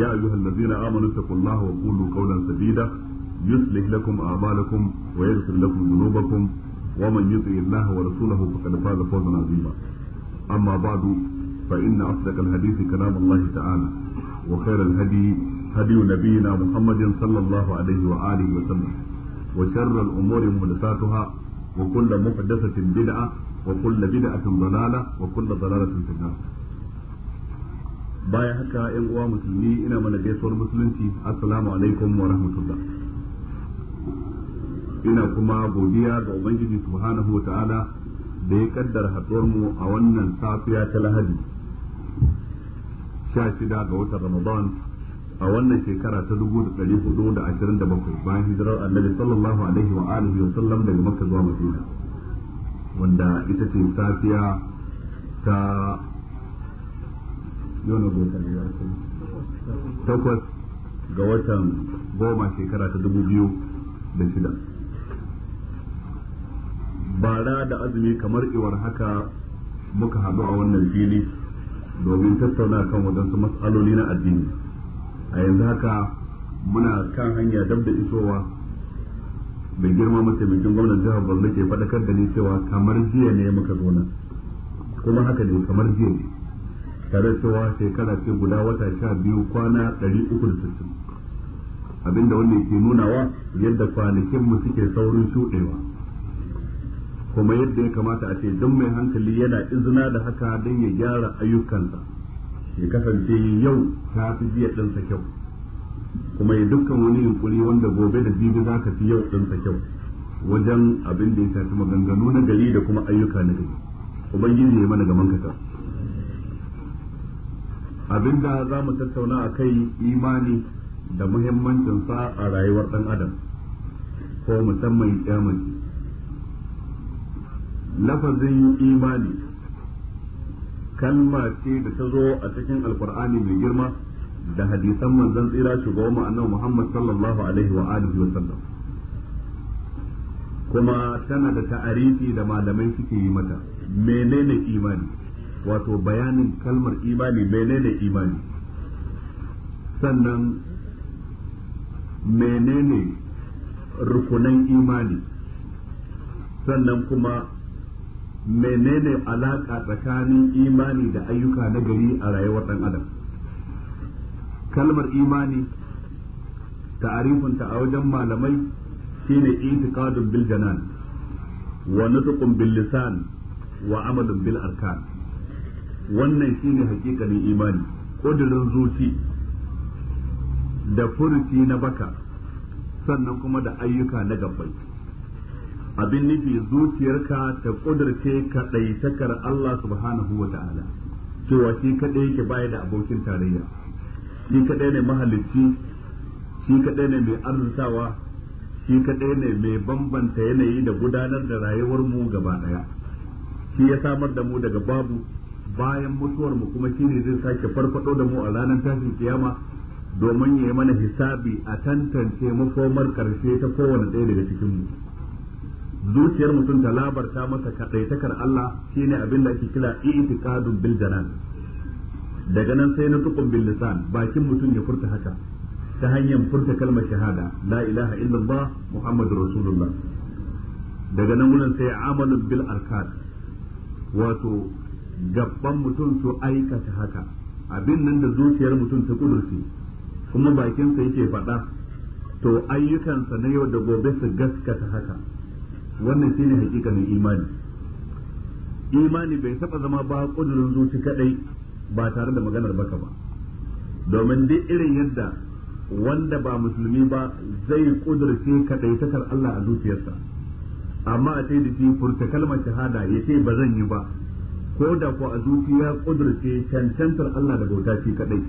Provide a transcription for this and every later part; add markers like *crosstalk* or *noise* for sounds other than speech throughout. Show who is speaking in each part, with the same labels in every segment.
Speaker 1: يا أيها الذين آمنوا اتقوا الله وقولوا قولا سديدا يصلح لكم أعمالكم ويغفر لكم ذنوبكم ومن يطع الله ورسوله فقد فاز فوزا عظيما أما بعد فإن أصدق الحديث كلام الله تعالى وخير الهدي هدي نبينا محمد صلى الله عليه وآله وسلم وشر الأمور محدثاتها وكل محدثة بدعة وكل بدعة ضلالة وكل ضلالة في النار baya haka yan uwa musulmi ina mana gaisuwar musulunci assalamu alaikum wa rahmatullah ina kuma godiya ga ubangiji subhanahu wa ta'ala da ya kaddara haɗuwar mu a wannan safiya ta lahadi sha shida ga watan ramadan a wannan shekara ta dubu da ɗari hudu da ashirin da bakwai bayan hijirar annabi sallallahu alaihi wa alihi wa sallam daga makka zuwa madina wanda ita ce safiya ta yau na ne takwas ga watan goma shekara ta dubu biyu da shida bara da azumi kamar iwar haka muka haɗu a wannan fili domin tattauna kan wadansu matsaloli na addini a yanzu haka muna kan hanya dab da isowa bai girma mataimakin gwamnan jihar borno ke faɗakar da ni cewa kamar jiya ne muka zo nan kuma haka ne kamar jiya ne tare cewa shekara ce guda wata sha biyu kwana ɗari uku da sittin abinda wannan ke nunawa yadda kwanakinmu suke saurin shuɗewa kuma yadda ya kamata a ce don mai hankali yana izina da haka don ya gyara ayyukansa ya kasance yau ta fi jiya ɗinsa kyau kuma ya dukkan wani yunkuri wanda gobe da jibi za ka fi yau ɗinsa kyau wajen abin da ya shafi maganganu na gari da kuma ayyuka na gari ubangiji ya mana gaman kasar abinda za mu tattauna a kai imani da muhimmancinsa a rayuwar ɗan adam ko musamman kyamani lafazin imani kalma ce da ta zo a cikin alkur'ani mai girma da hadisan manzon tsira shugaban mu annabi Muhammad sallallahu alaihi wa alihi wa sallam kuma tana da ta'arifi da malamai suke yi mata menene imani wato bayanin kalmar imani menene imani sannan menene rukunan imani sannan kuma menene alaƙa tsakanin imani da ayyuka na gari a rayuwar ɗan adam kalmar imani ta'arifinta a wajen malamai shine itiqadun bil janan wa nutqun bil lisan wa amalun bil arkan wannan shine hakikanin imani ƙudurin zuci da furuci na baka sannan kuma da ayyuka na gabbai abin nufi zuciyarka ta kudurce takar Allah subhanahu wa ta'ala cewa shi kaɗai yake baya da abokin tarayya shi kaɗai ne mahalicci shi kaɗai ne mai arzutawa shi kaɗai ne mai bambanta yanayi da gudanar da rayuwar mu gaba ɗaya shi ya samar da mu daga babu bayan mutuwar mu kuma shine zai sake farfado da mu a ranar tashin kiyama domin ya yi mana hisabi a tantance makomar karshe ta kowane ɗaya daga cikin mu zuciyar mutum ta labarta masa kadaitakar Allah shine abin da ake kira i'tiqadun bil janan daga nan sai na tukun bil lisan bakin mutum ya furta haka ta hanyar furta kalmar shahada la ilaha illallah muhammadur rasulullah daga nan wurin sai amalun bil arkan wato gabban mutum su aikata haka abin nan da zuciyar mutum ta kudurce kuma bakinsa yake faɗa to ayyukansa na yau da gobe su gaskata haka wannan shi ne hakikanin imani imani bai taɓa zama ba kudurin zuci kadai ba tare da maganar baka ba domin duk irin yadda wanda ba musulmi ba zai kudurce kaɗaitakar Allah a zuciyarsa amma a ce da shi furta kalmar shahada ya ce ba zan yi ba ko da ko a zuciya kudurce cancantar Allah da bauta shi kadai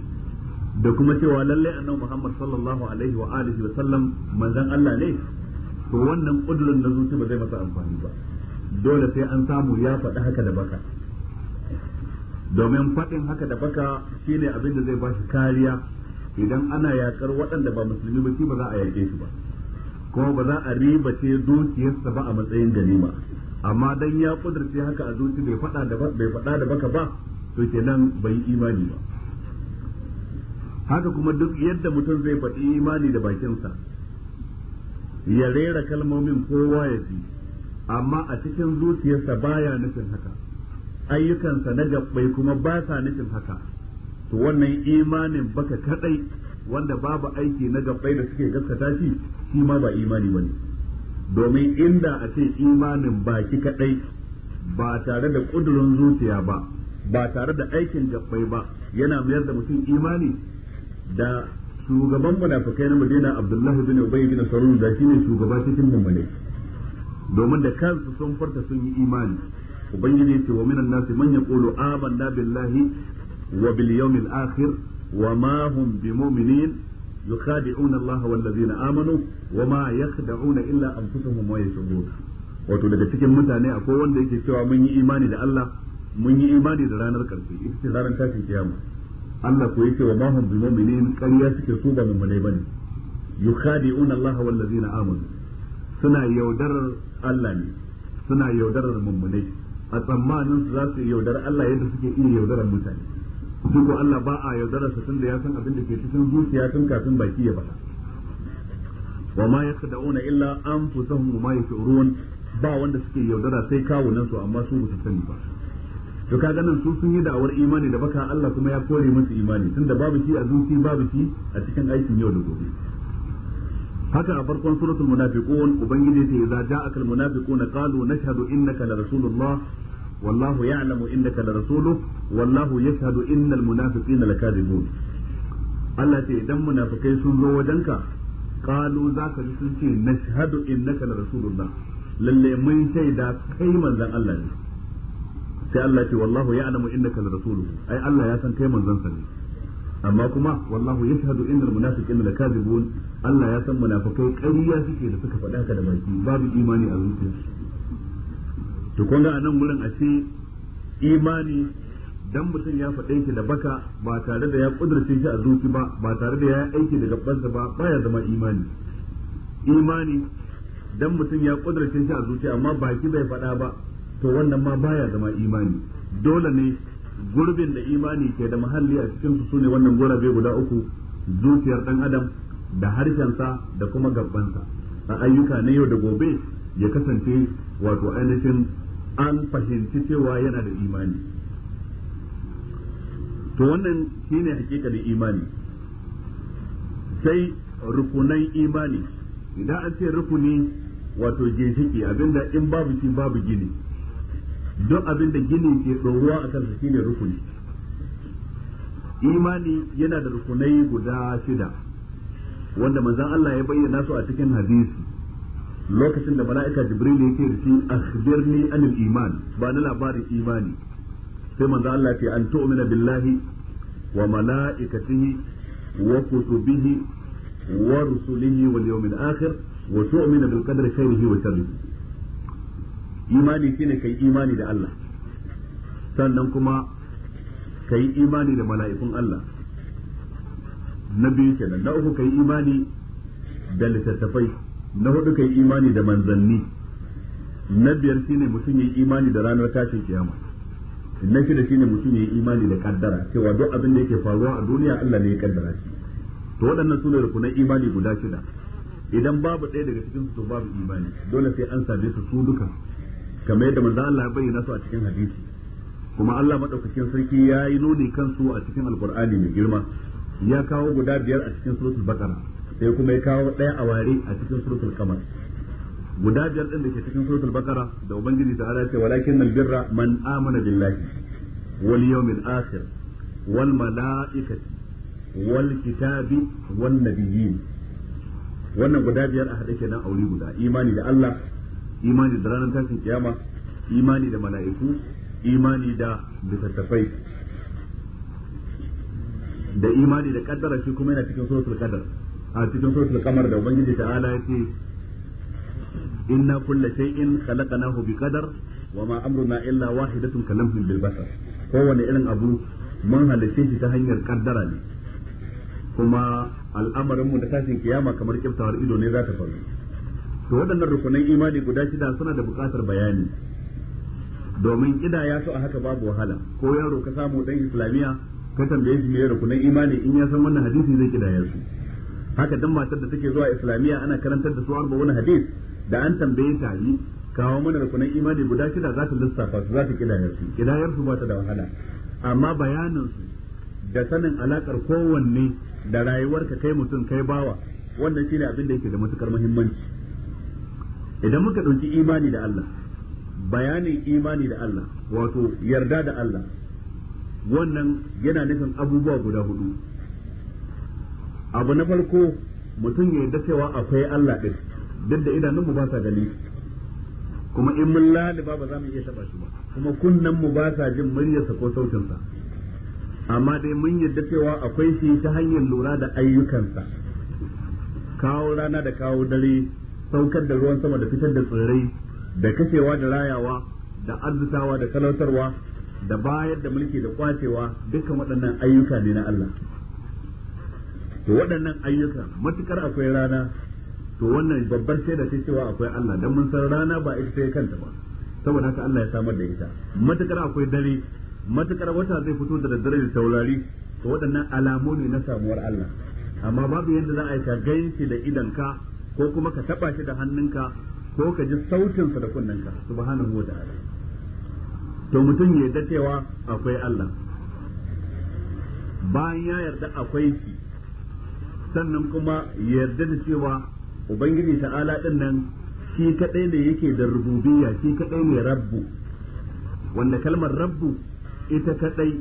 Speaker 1: da kuma cewa lallai annabi Muhammad sallallahu alaihi wa alihi wa sallam manzon Allah ne to wannan kudurin na zuci ba zai masa amfani ba dole sai an samu ya faɗi haka da baka domin faɗin haka da baka shine abin da zai bashi kariya idan ana yakar waɗanda ba musulmi ba shi ba za a yake shi ba kuma ba za a ribace dukiyarsa ba a matsayin ganima amma dan ya kudurce haka a zuci bai faɗa da bai faɗa da baka ba to kenan bai imani ba haka kuma duk yadda mutum zai faɗi imani da bakinsa ya rera kalmomin kowa ya ji amma a cikin zuciyarsa baya nufin haka ayyukansa na gabbai kuma ba sa nufin haka to wannan imanin baka kadai wanda babu aiki na gabbai da suke gaskata shi shi ma ba imani bane domin inda a ce imanin baki kadai ba tare da kudurin zuciya ba ba tare da aikin jabbai ba yana mayar da mutum imani da shugaban munafikai na Madina Abdullahi bin Ubay bin Salul da shine shugaba cikin mummune domin da kansu sun farta sun yi imani ubangiji ce wa minan nasi man yaqulu amanna billahi wa bil yawmil akhir wa ma hum bimu'minin yukhadi'una Allah wal ladina amanu wama yakhda'una illa anfusuhum wa yashurun wato daga cikin mutane akwai wanda yake cewa mun yi imani da Allah mun yi imani da ranar karshe ita ce ranar tashin kiyama Allah ko yake wa ma bi mu'minin ƙarya suke su ba mu'minai bane yukhadi'una Allah wal ladina amanu suna yaudarar Allah ne suna yaudarar mummunai a tsammanin su za su yaudar Allah yadda suke iya yaudarar mutane shi ko Allah ba a yaudarar sa da ya san abin da ke cikin zuciya tun kafin baki ya bata wa ma yakhda'una illa anfusahum wa ma yash'urun ba wanda suke yaudara sai nan su amma su ba sani ba to ka ganin su sun yi da'awar imani da baka Allah kuma ya kore musu imani tunda babu shi a zuci babu shi a cikin aikin yau da gobe haka a farkon suratul munafiqun ubangiji ce idza ja'aka al na qalu nashhadu innaka la rasulullah wallahu ya'lamu innaka larasuluhu wallahu yashhadu innal munafiqina lakadibun Allah ce idan munafikai sun zo wajenka kalu za ka ji sun ce nashhadu innaka rasulullah lalle mun shaida kai manzon Allah ne sai Allah ce wallahu ya'lamu innaka rasuluhu ai Allah ya san kai amma kuma wallahu yashhadu innal munafiqina lakazibun Allah ya san munafikai ƙarya suke da suka faɗa ka da baki babu imani a zuciyarsu to kun ga a gurin a ce imani dan mutum ya faɗe shi da baka ba tare da ya kudurce shi a zuci ba ba tare da ya aiki da gabansa ba baya zama imani imani dan mutum ya kudurce shi a zuci amma baki bai faɗa ba to wannan ma baya zama imani dole ne gurbin da imani ke da mahalli a cikin su sune wannan gurabe guda uku zuciyar dan adam da harshen sa da kuma gabansa a ayyuka na yau da gobe ya kasance wato ainihin an fahimci cewa yana da imani to wannan shine hakikalin imani sai rukunai imani idan an ce rukuni wato ginshiki abinda in babu shi babu gini duk abinda gini ke tsohuwa a kansa shine rukuni imani yana da rukunai guda shida wanda manzan Allah ya bayyana su a cikin hadisi lokacin da mala'ika jibril yake da shi akhbirni anil iman ba na labarin imani sai manzo Allah ya ce an tu'mina billahi wa mala'ikatihi wa kutubihi wa rusulihi wal yawmil akhir wa tu'mina bil qadri khairihi wa sharrihi imani shine kai imani da Allah sannan kuma kai imani da mala'ikun Allah na biyu kenan na uku kai imani da littattafai na hudu kai imani da manzanni na biyar shine mutum yayi imani da ranar tashin kiyama na shida shine mutum yayi imani da kaddara cewa duk abin da yake faruwa a duniya Allah ne ya kaddara shi to waɗannan sune rukunan imani guda shida idan babu ɗaya daga cikin su to babu imani dole sai an same su su duka kamar yadda manzo Allah ya bayyana su a cikin hadisi kuma Allah madaukakin sarki ya yi nuni kansu a cikin alqur'ani mai girma ya kawo guda biyar a cikin suratul baqara sai kuma ya kawo ɗaya a ware a cikin surutul kamar guda biyar ɗin da ke cikin surutul bakara da ubangiji ta ala ce walakin nan birra man amana billahi wal yawmil akhir wal malaikati wal kitabi wan nabiyyin wannan guda biyar a hade kenan aure guda imani da Allah imani da ranar tashin kiyama imani da mala'iku imani da littattafai da imani da kaddara shi kuma yana cikin suratul qadar a cikin suratul kamar da ubangiji ta'ala ya ce inna kulla shay'in khalaqnahu biqadar wa ma amruna illa wahidatun kalamhin bil basar kowane irin abu mun halice shi ta hanyar kaddara ne kuma al'amarin mu da tashin kiyama kamar kiftawar ido ne za ta faru to waɗannan rukunan imani guda shida suna da buƙatar bayani domin ya so a haka babu wahala ko yaro ka samu dan islamiya ka tambaye shi me rukunan imani in ya san wannan hadisi zai kidaya su haka dan matar da take zuwa islamiyya ana karantar da su wani hadith da an tambaye ta yi kawo mana rukunan imani guda shida za ta lissafa su za ta kidayar su kidayar su ba ta da wahala amma bayanin su da sanin alakar kowanne da rayuwarka kai mutum kai bawa wannan shine abin da yake da matukar muhimmanci idan muka ɗauki imani da Allah bayanin imani da Allah wato yarda da Allah wannan yana nufin abubuwa guda hudu abu na farko mutum ya yarda cewa akwai Allah ɗin duk da idanunmu ba sa gani kuma in mun laliba ba za mu iya taba shi ba kuma kunnen mu ba sa jin muryarsa ko sautinsa amma dai mun yarda cewa akwai shi ta hanyar lura da ayyukansa kawo rana da kawo dare saukar da ruwan sama da fitar da tsirrai da kashewa da rayawa da arzikawa da talautarwa da bayar da mulki da kwacewa dukkan waɗannan ayyuka ne na Allah to waɗannan ayyuka matukar akwai rana to wannan babbar shaida ce cewa akwai Allah dan mun san rana ba ita sai kanta ba saboda haka Allah ya samar da ita matukar akwai dare matukar wata zai fito da daddare da taurari to waɗannan alamu ne na samuwar Allah amma babu yadda za a yi ka ganshi da ka ko kuma ka taba shi da hannunka ko ka ji sautin sa da kunnenka subhanahu wa ta'ala to mutum ya yarda cewa akwai Allah bayan ya yarda akwai shi sannan kuma yarda da cewa ubangiji ta'ala din nan shi kadai ne yake da rububiyya shi kadai ne rabbu wanda kalmar rabbu ita kadai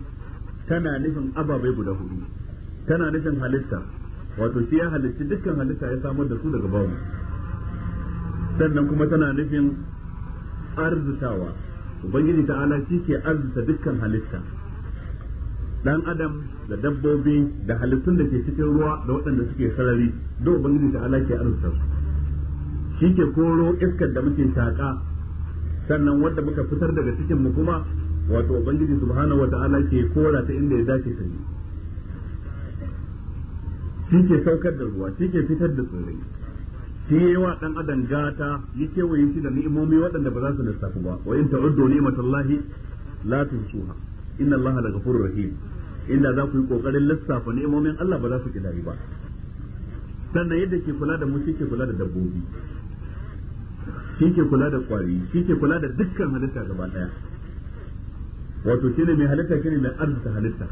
Speaker 1: tana nufin ababai guda hudu tana nufin halitta wato shi ya halitta dukkan halitta ya samar da su daga bawu sannan kuma tana nufin arzutawa ubangiji ta'ala shi ke arzuta dukkan halitta dan adam da dabbobi da halittun da ke cikin ruwa da waɗanda suke sarari da ubangiji ta ala ke arzuta shi ke koro iskar da muke shaƙa sannan wadda muka fitar daga cikin mu kuma wato ubangiji subhanahu wa ta'ala ke kora ta inda ya dace ta shi ke saukar da ruwa shi ke fitar da tsirrai shi yi wa dan adam gata ya kewaye shi da ni'imomi waɗanda ba za su lissafu ba wa in ta'uddu ni'matallahi la tuhsuha inna allaha laghafurur rahim illa za ku yi kokarin lissafa ne'imomin Allah ba za su kidari ba sannan yadda ke kula da mu ke kula da dabbobi shi ke kula da kwari shi ke kula da dukkan halitta gaba daya wato ne mai halitta ne mai arzuta halitta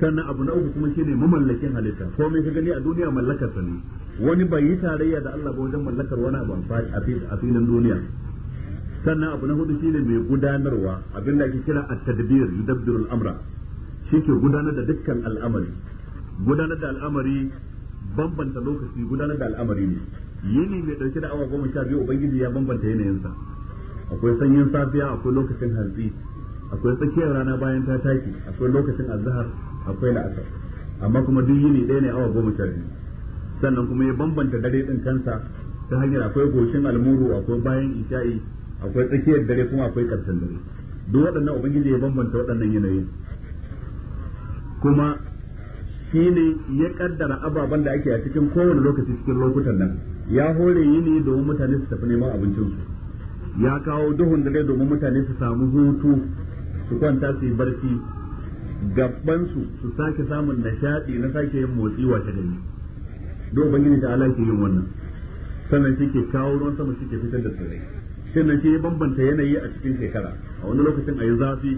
Speaker 1: sannan abu na uku kuma ne mamallakin halitta ko mai ka gani a duniya mallakar sa ne wani bai yi tarayya da Allah ba wajen mallakar wani abu a filin duniya sannan abu na hudu ne mai gudanarwa abin da ake kira a tadbir yudabbirul amra shi ke gudanar da dukkan al'amari gudanar da al'amari bambanta lokaci gudanar da al'amari ne yini mai dauke da awa goma sha biyu ubangiji ya bambanta yanayinsa akwai sanyin safiya akwai lokacin hantsi akwai tsakiyar rana bayan ta taki akwai lokacin azhar akwai la'asar amma kuma duk yini ɗaya ne awa goma sha biyu sannan kuma ya bambanta dare din kansa ta hanyar akwai goshin almuru akwai bayan isha'i akwai tsakiyar dare kuma akwai karshen dare duk waɗannan ubangiji ya bambanta waɗannan yanayin kuma shi ne ya kaddara ababen da ake a cikin kowane lokaci cikin lokutan nan ya hore yi ne domin mutane su tafi neman abincinsu ya kawo duhun dare domin mutane su samu hutu su kwanta su yi barci gabansu su sake samun nishaɗi na sake yin motsi washe gari don ubangiji da Allah ke yin wannan sannan shi ke kawo ruwan sama shi ke fitar da tsirrai sannan shi ya bambanta yanayi a cikin shekara a wani lokacin a yi zafi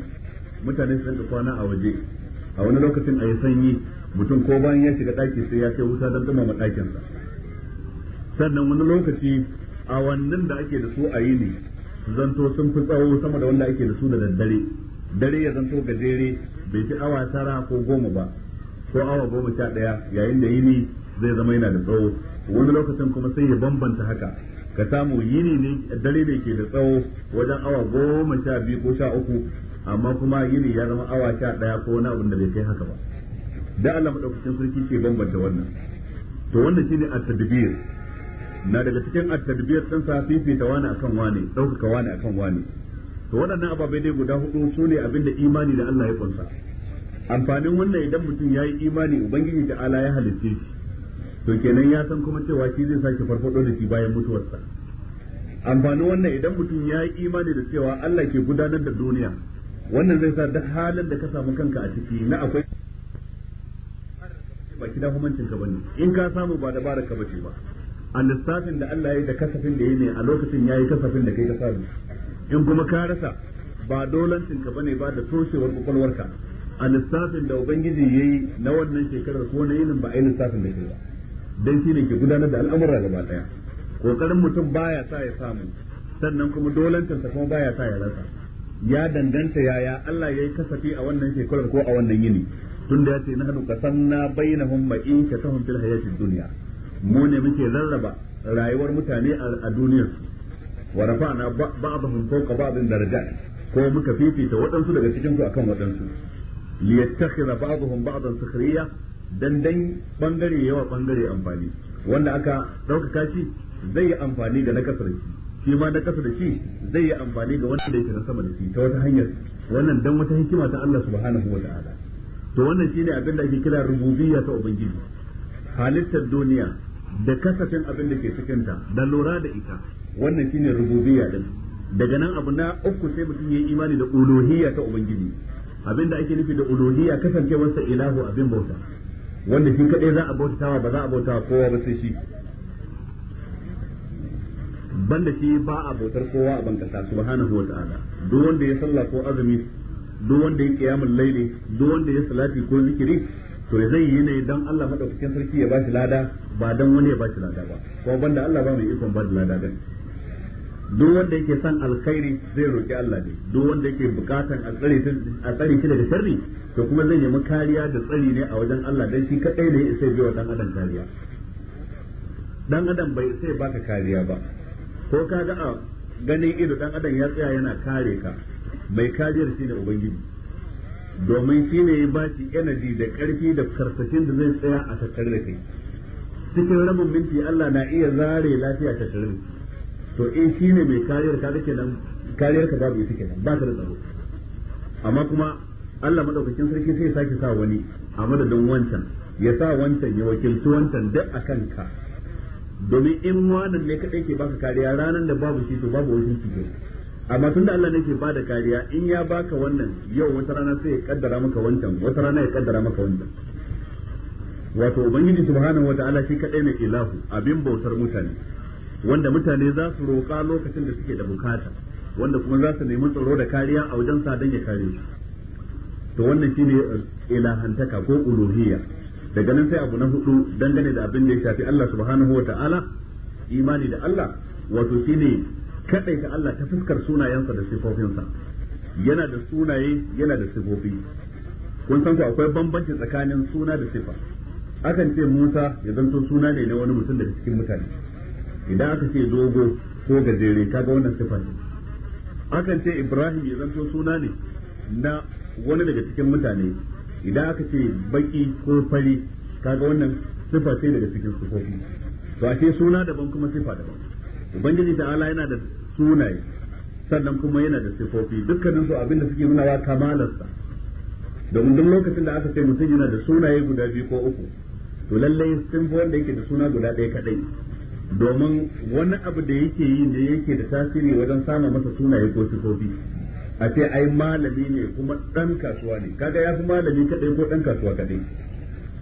Speaker 1: mutane su rinka kwana a waje a wani lokacin a yi sanyi mutum ko bayan ya shiga ɗaki sai ya kai wuta don ma ɗakinsa sannan wani lokaci a wannan da ake da su a yi ne zanto sun fi tsawo sama da wanda ake da su da daddare dare ya zanto gajere bai fi awa tara ko goma ba ko awa goma sha ɗaya yayin da yini zai zama yana da tsawo wani lokacin kuma sai ya bambanta haka ka samu yini ne dare ne ke da tsawo wajen awa goma sha biyu ko sha uku amma kuma yini ya zama awa sha daya ko wani abin da bai kai haka ba da Allah madaukakin sarki ke bambanta wannan to wannan shine at-tadbir na daga cikin at-tadbir san sa fifita wani akan wani dauka wani akan wani to waɗannan ababai dai guda hudu sune ne abin da imani da Allah ya kunsa amfanin wannan idan mutum ya yi imani ubangiji da Allah ya halitta shi to kenan ya san kuma cewa shi zai sake farfado da shi bayan mutuwarsa amfanin wannan idan mutum ya yi imani da cewa Allah ke gudanar da duniya wannan zai sa duk halin da ka samu kanka a ciki na akwai ba kida humancin ka bane in ka samu ba dabara ka bace ba a lissafin da Allah ya yi da kasafin da ya ne a lokacin ya yi kasafin da kai ka samu in kuma ka rasa ba dolancin ka bane ba da toshewar kwakwalwarka a lissafin da ubangiji ya yi na wannan shekarar ko na yinin ba a yi lissafin da shi ba dan shi ne ke gudanar da al'amura gaba daya kokarin mutum baya sa ya samu sannan kuma dolancinsa kuma baya sa ya rasa ya danganta yaya Allah ya yi kasafi a wannan shekarar ko a wannan yini tun da ya ce nahnu qasamna bainahum ma'ishatahum fil hayatid dunya mu ne muke rarraba rayuwar mutane a duniyar wa rafa'na ba'dahum fawqa ba'din darajat ko muka fifita waɗansu daga cikin su akan waɗansu liyattakhidha ba'dahum ba'dan sukhriya dan dan bangare yawa bangare amfani wanda aka dauka shi zai yi amfani da nakasar shi shi ma na kasa da shi zai yi amfani ga wanda yake na sama da shi ta wata hanyar wannan dan wata hikima ta Allah subhanahu wataala to wannan shine abin da ake kira rububiyya ta ubangiji halittar duniya da kasafin abin da ke ta da lura da ita wannan shine rububiyya din daga nan abu na uku sai mutum yi imani da uluhiyya ta ubangiji abin da ake nufi da uluhiyya kasancewarsa ilahu abin bauta wanda shi kadai za a bautawa ba za a bautawa kowa ba sai shi banda shi ba a bautar kowa a bankasa subhanahu wa ta'ala duk wanda ya sallah ko azumi duk wanda ya kiyamul laili duk wanda ya salati ko zikiri to zai yi ne dan Allah madaukakin sarki ya bashi lada ba dan wani ya bashi lada ba ko banda Allah ba mai ikon ba da lada ba duk wanda yake son alkhairi zai roki Allah ne duk wanda yake bukatan a tsare a tsare shi daga sharri to kuma zai nemi kariya da tsari ne a wajen Allah dan shi kadai ne sai biyo dan adam kariya dan adam bai sai baka kariya ba ko ka ga a ganin ido dan adam ya tsaya yana kare ka mai kariyar shi ne ubangiji domin shine ya ba shi energy da karfi da karsashin da zai tsaya a tattare da kai cikin rabin minti Allah na iya zare lafiya ta tare to in shi ne mai kariyar ka ke nan kariyar ka babu ita kenan ba ta da tsaro amma kuma Allah madaukakin sarki sai ya sake sa wani a madadin wancan ya sa wancan ya wakilci wancan duk akan ka domin in wannan ne kadai ke baka kariya ranar da babu shi to babu wani shi amma tun da Allah ne ke bada kariya in ya baka wannan yau wata rana sai ya kaddara maka wancan wata rana ya kaddara maka wancan wato ubangiji subhanahu wataala shi kadai ne ilahu abin bautar mutane wanda mutane za su roƙa lokacin da suke da bukata wanda kuma za su nemi tsaro da kariya a wajen sa dan ya kare su to wannan shine ilahantaka ko uluhiyya daga nan sai abu na hudu dangane da abin da ya shafi Allah subhanahu wa ta'ala imani da Allah wato shine kadai ta Allah ta fuskar sunayensa da sifofinsa yana da sunaye yana da sifofi kun san ku akwai bambanci tsakanin suna da sifa akan ce Musa ya zanto suna ne na wani mutum daga cikin mutane idan aka ce dogo ko gajere kaga wannan sifa ne akan ce Ibrahim ya zanto suna ne na wani daga cikin mutane idan aka ce baki ko fari kaga wannan sifa ce daga cikin sifofi to a ce suna daban kuma sifa daban ubangiji ala yana da sunaye sannan kuma yana da sifofi dukkanin su abinda suke nuna wa kamalarsa domin duk lokacin da aka ce mutum yana da sunaye guda biyu ko uku to lallai sun fi wanda yake da suna guda ɗaya kaɗai domin wani abu da yake yi ne yake da tasiri wajen samun masa sunaye ko sifofi a ce ai malami ne kuma dan kasuwa ne kaga ya fi malami kadai ko dan kasuwa kadai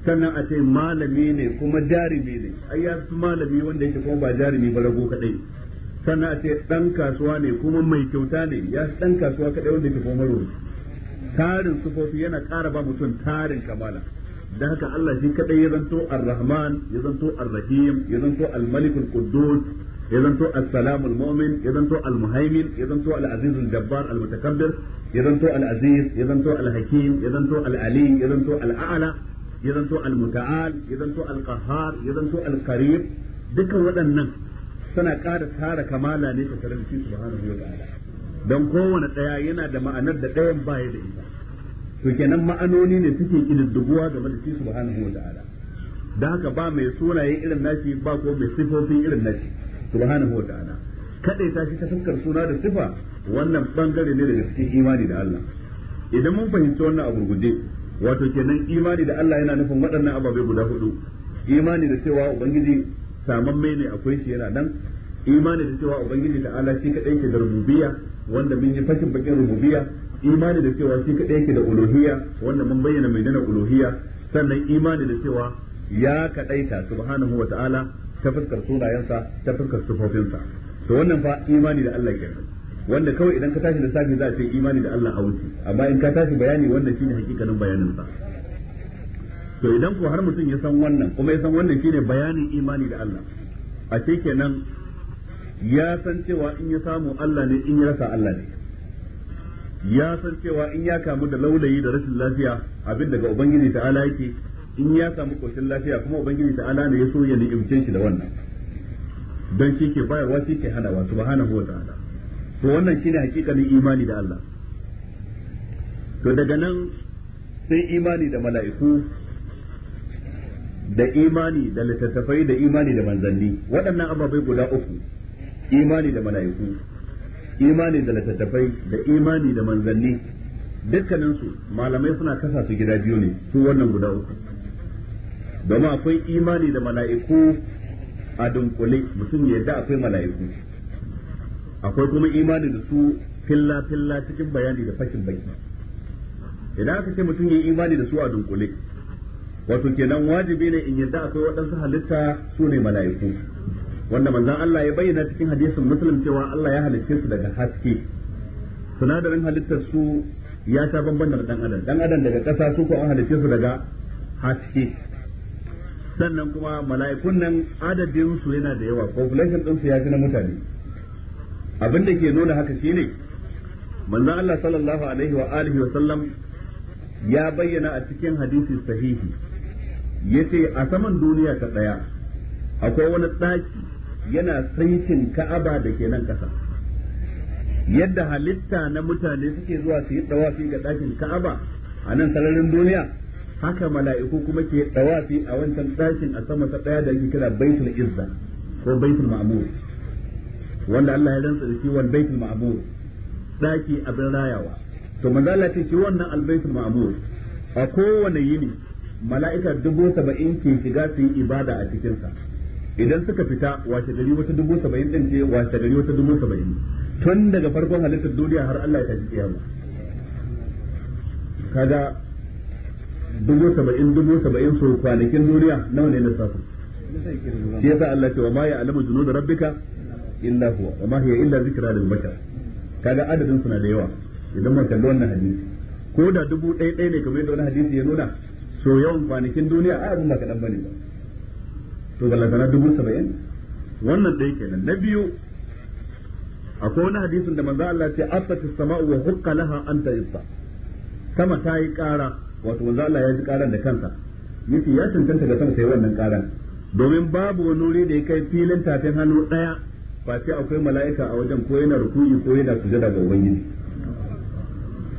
Speaker 1: sannan a ce malami ne kuma jarumi ne ai ya fi malami wanda yake kuma ba jarumi ba rago kadai sannan a ce dan kasuwa ne kuma mai kyauta ne ya fi dan kasuwa kadai wanda yake kuma maro tarin sufofi yana ƙara ba mutum tarin kamala dan haka Allah shi kadai ya zanto ar-Rahman ya zanto ar-Rahim ya zanto al-Malik al-Quddus ya zanto as-salamu mumin ya zanto al-muhaimin ya zanto al-aziz al al-mutakabbir ya zanto al-aziz ya zanto al-hakim ya zanto al-ali ya zanto al-a'la ya zanto al-muta'al ya zanto al-qahhar ya zanto al-qarib dukan waɗannan suna ƙara tara kamala ne tattare da shi subhanahu wa ta'ala don kowane ɗaya yana da ma'anar da ɗayan baya da ita to kenan ma'anoni ne suke kididduguwa game da shi subhanahu wa ta'ala da haka ba mai sunaye irin nashi ba ko mai sifofi irin nashi subhanahu wa ta'ala kadai ta shi ta fuskar suna da sifa wannan bangare ne daga cikin imani da Allah idan mun fahimci wannan a gurguje wato kenan imani da Allah yana nufin waɗannan ababe guda hudu imani da cewa ubangiji samamme ne akwai shi yana nan imani da cewa ubangiji da Allah shi kadai ke da rububiyya wanda mun yi fashin bakin rububiyya imani da cewa shi kadai ke da uluhiyya wanda mun bayyana mai dana uluhiyya sannan imani da cewa ya kadaita subhanahu wa ta'ala ta fuskar sunayensa ta fuskar sufofinsa to wannan fa imani da Allah kenan wanda kawai idan ka tashi lissafi za a ce imani da Allah a wuce amma in ka tashi bayani wannan shine hakikanin bayanin sa to idan ko har mutum ya san wannan kuma ya san wannan shine bayanin imani da Allah a ce kenan ya san cewa in ya samu Allah ne in ya rasa Allah ne ya san cewa in ya kamu da laulayi da rashin lafiya abin daga ubangiji ta'ala yake in ya samu koshin lafiya kuma ubangiji ta ala ne ya so ya ni'imce shi da wannan dan shi ke bayarwa shi ke hanawa subhanahu wa ta'ala to wannan shine hakikanin imani da Allah to daga nan sai imani da mala'iku da imani da littattafai da imani da manzanni waɗannan ababai guda uku imani da mala'iku imani da littattafai da imani da manzanni dukkaninsu malamai suna kasa su gida biyu ne su wannan guda uku domin akwai imani da mala'iku a dunkule mutum yadda akwai mala'iku akwai kuma imani da su filla filla cikin bayani da fashin baki idan aka ce mutum yi imani da su a dunkule wato kenan wajibi ne in yadda akwai waɗansu halitta su ne mala'iku wanda manzan Allah ya bayyana cikin hadisin musulun cewa Allah ya halicce su daga haske sinadarin halittar su ya sha bambanta da dan adam dan adam daga ƙasa su ko an halicce su daga haske sannan kuma mala'ikun nan adadin su yana da yawa population din su ya fi na mutane abin da ke nuna haka shine manzon Allah sallallahu alaihi wa alihi wa sallam ya bayyana a cikin hadisi sahihi yace a saman duniya ta daya akwai wani daki yana saitin Ka'aba da ke nan kasa yadda halitta na mutane suke zuwa su yi dawafi ga dakin Ka'aba a nan sararin duniya haka mala'iku kuma ke tsawafi a wancan ɗakin a sama ta ɗaya da ake kira baitul izza ko baitul ma'mur wanda Allah ya rantsa da shi wal baitul ma'mur ɗaki abin rayawa to manzo Allah ce shi wannan albaitul baitul ma'mur a kowane yini mala'ika dubu saba'in ke shiga su yi ibada a cikinsa idan suka fita wace gari wata dubu saba'in ɗin ce wace gari wata dubu saba'in tun daga farkon halittar duniya har Allah ya tafi kiyama kaga dubu saba'in dubu saba'in su kwanakin duniya nawa ne na lissafin shi yasa Allah ce wa ma ya'lamu junuda rabbika illa huwa wa ma hiya illa zikra lil bashar kaga adadin suna da yawa idan mun kalli wannan hadisi ko da dubu ɗaya ɗaya ne kamar yadda wani hadisi ya nuna so yawan kwanakin duniya a abin ba kaɗan bane ba to ballantana dubu saba'in wannan ɗaya kenan na biyu akwai wani hadisin da manzo Allah ya ce afata sama'u wa hukka laha anta isa sama ta yi ƙara wato manzo Allah ya ji karan da kansa yace ya tantance ga kansa yayin wannan karan domin babu wani wuri da ya kai filin tafin hannu daya sai akwai mala'ika a wajen ko yana ruku'i ko yana sujada ga ubangiji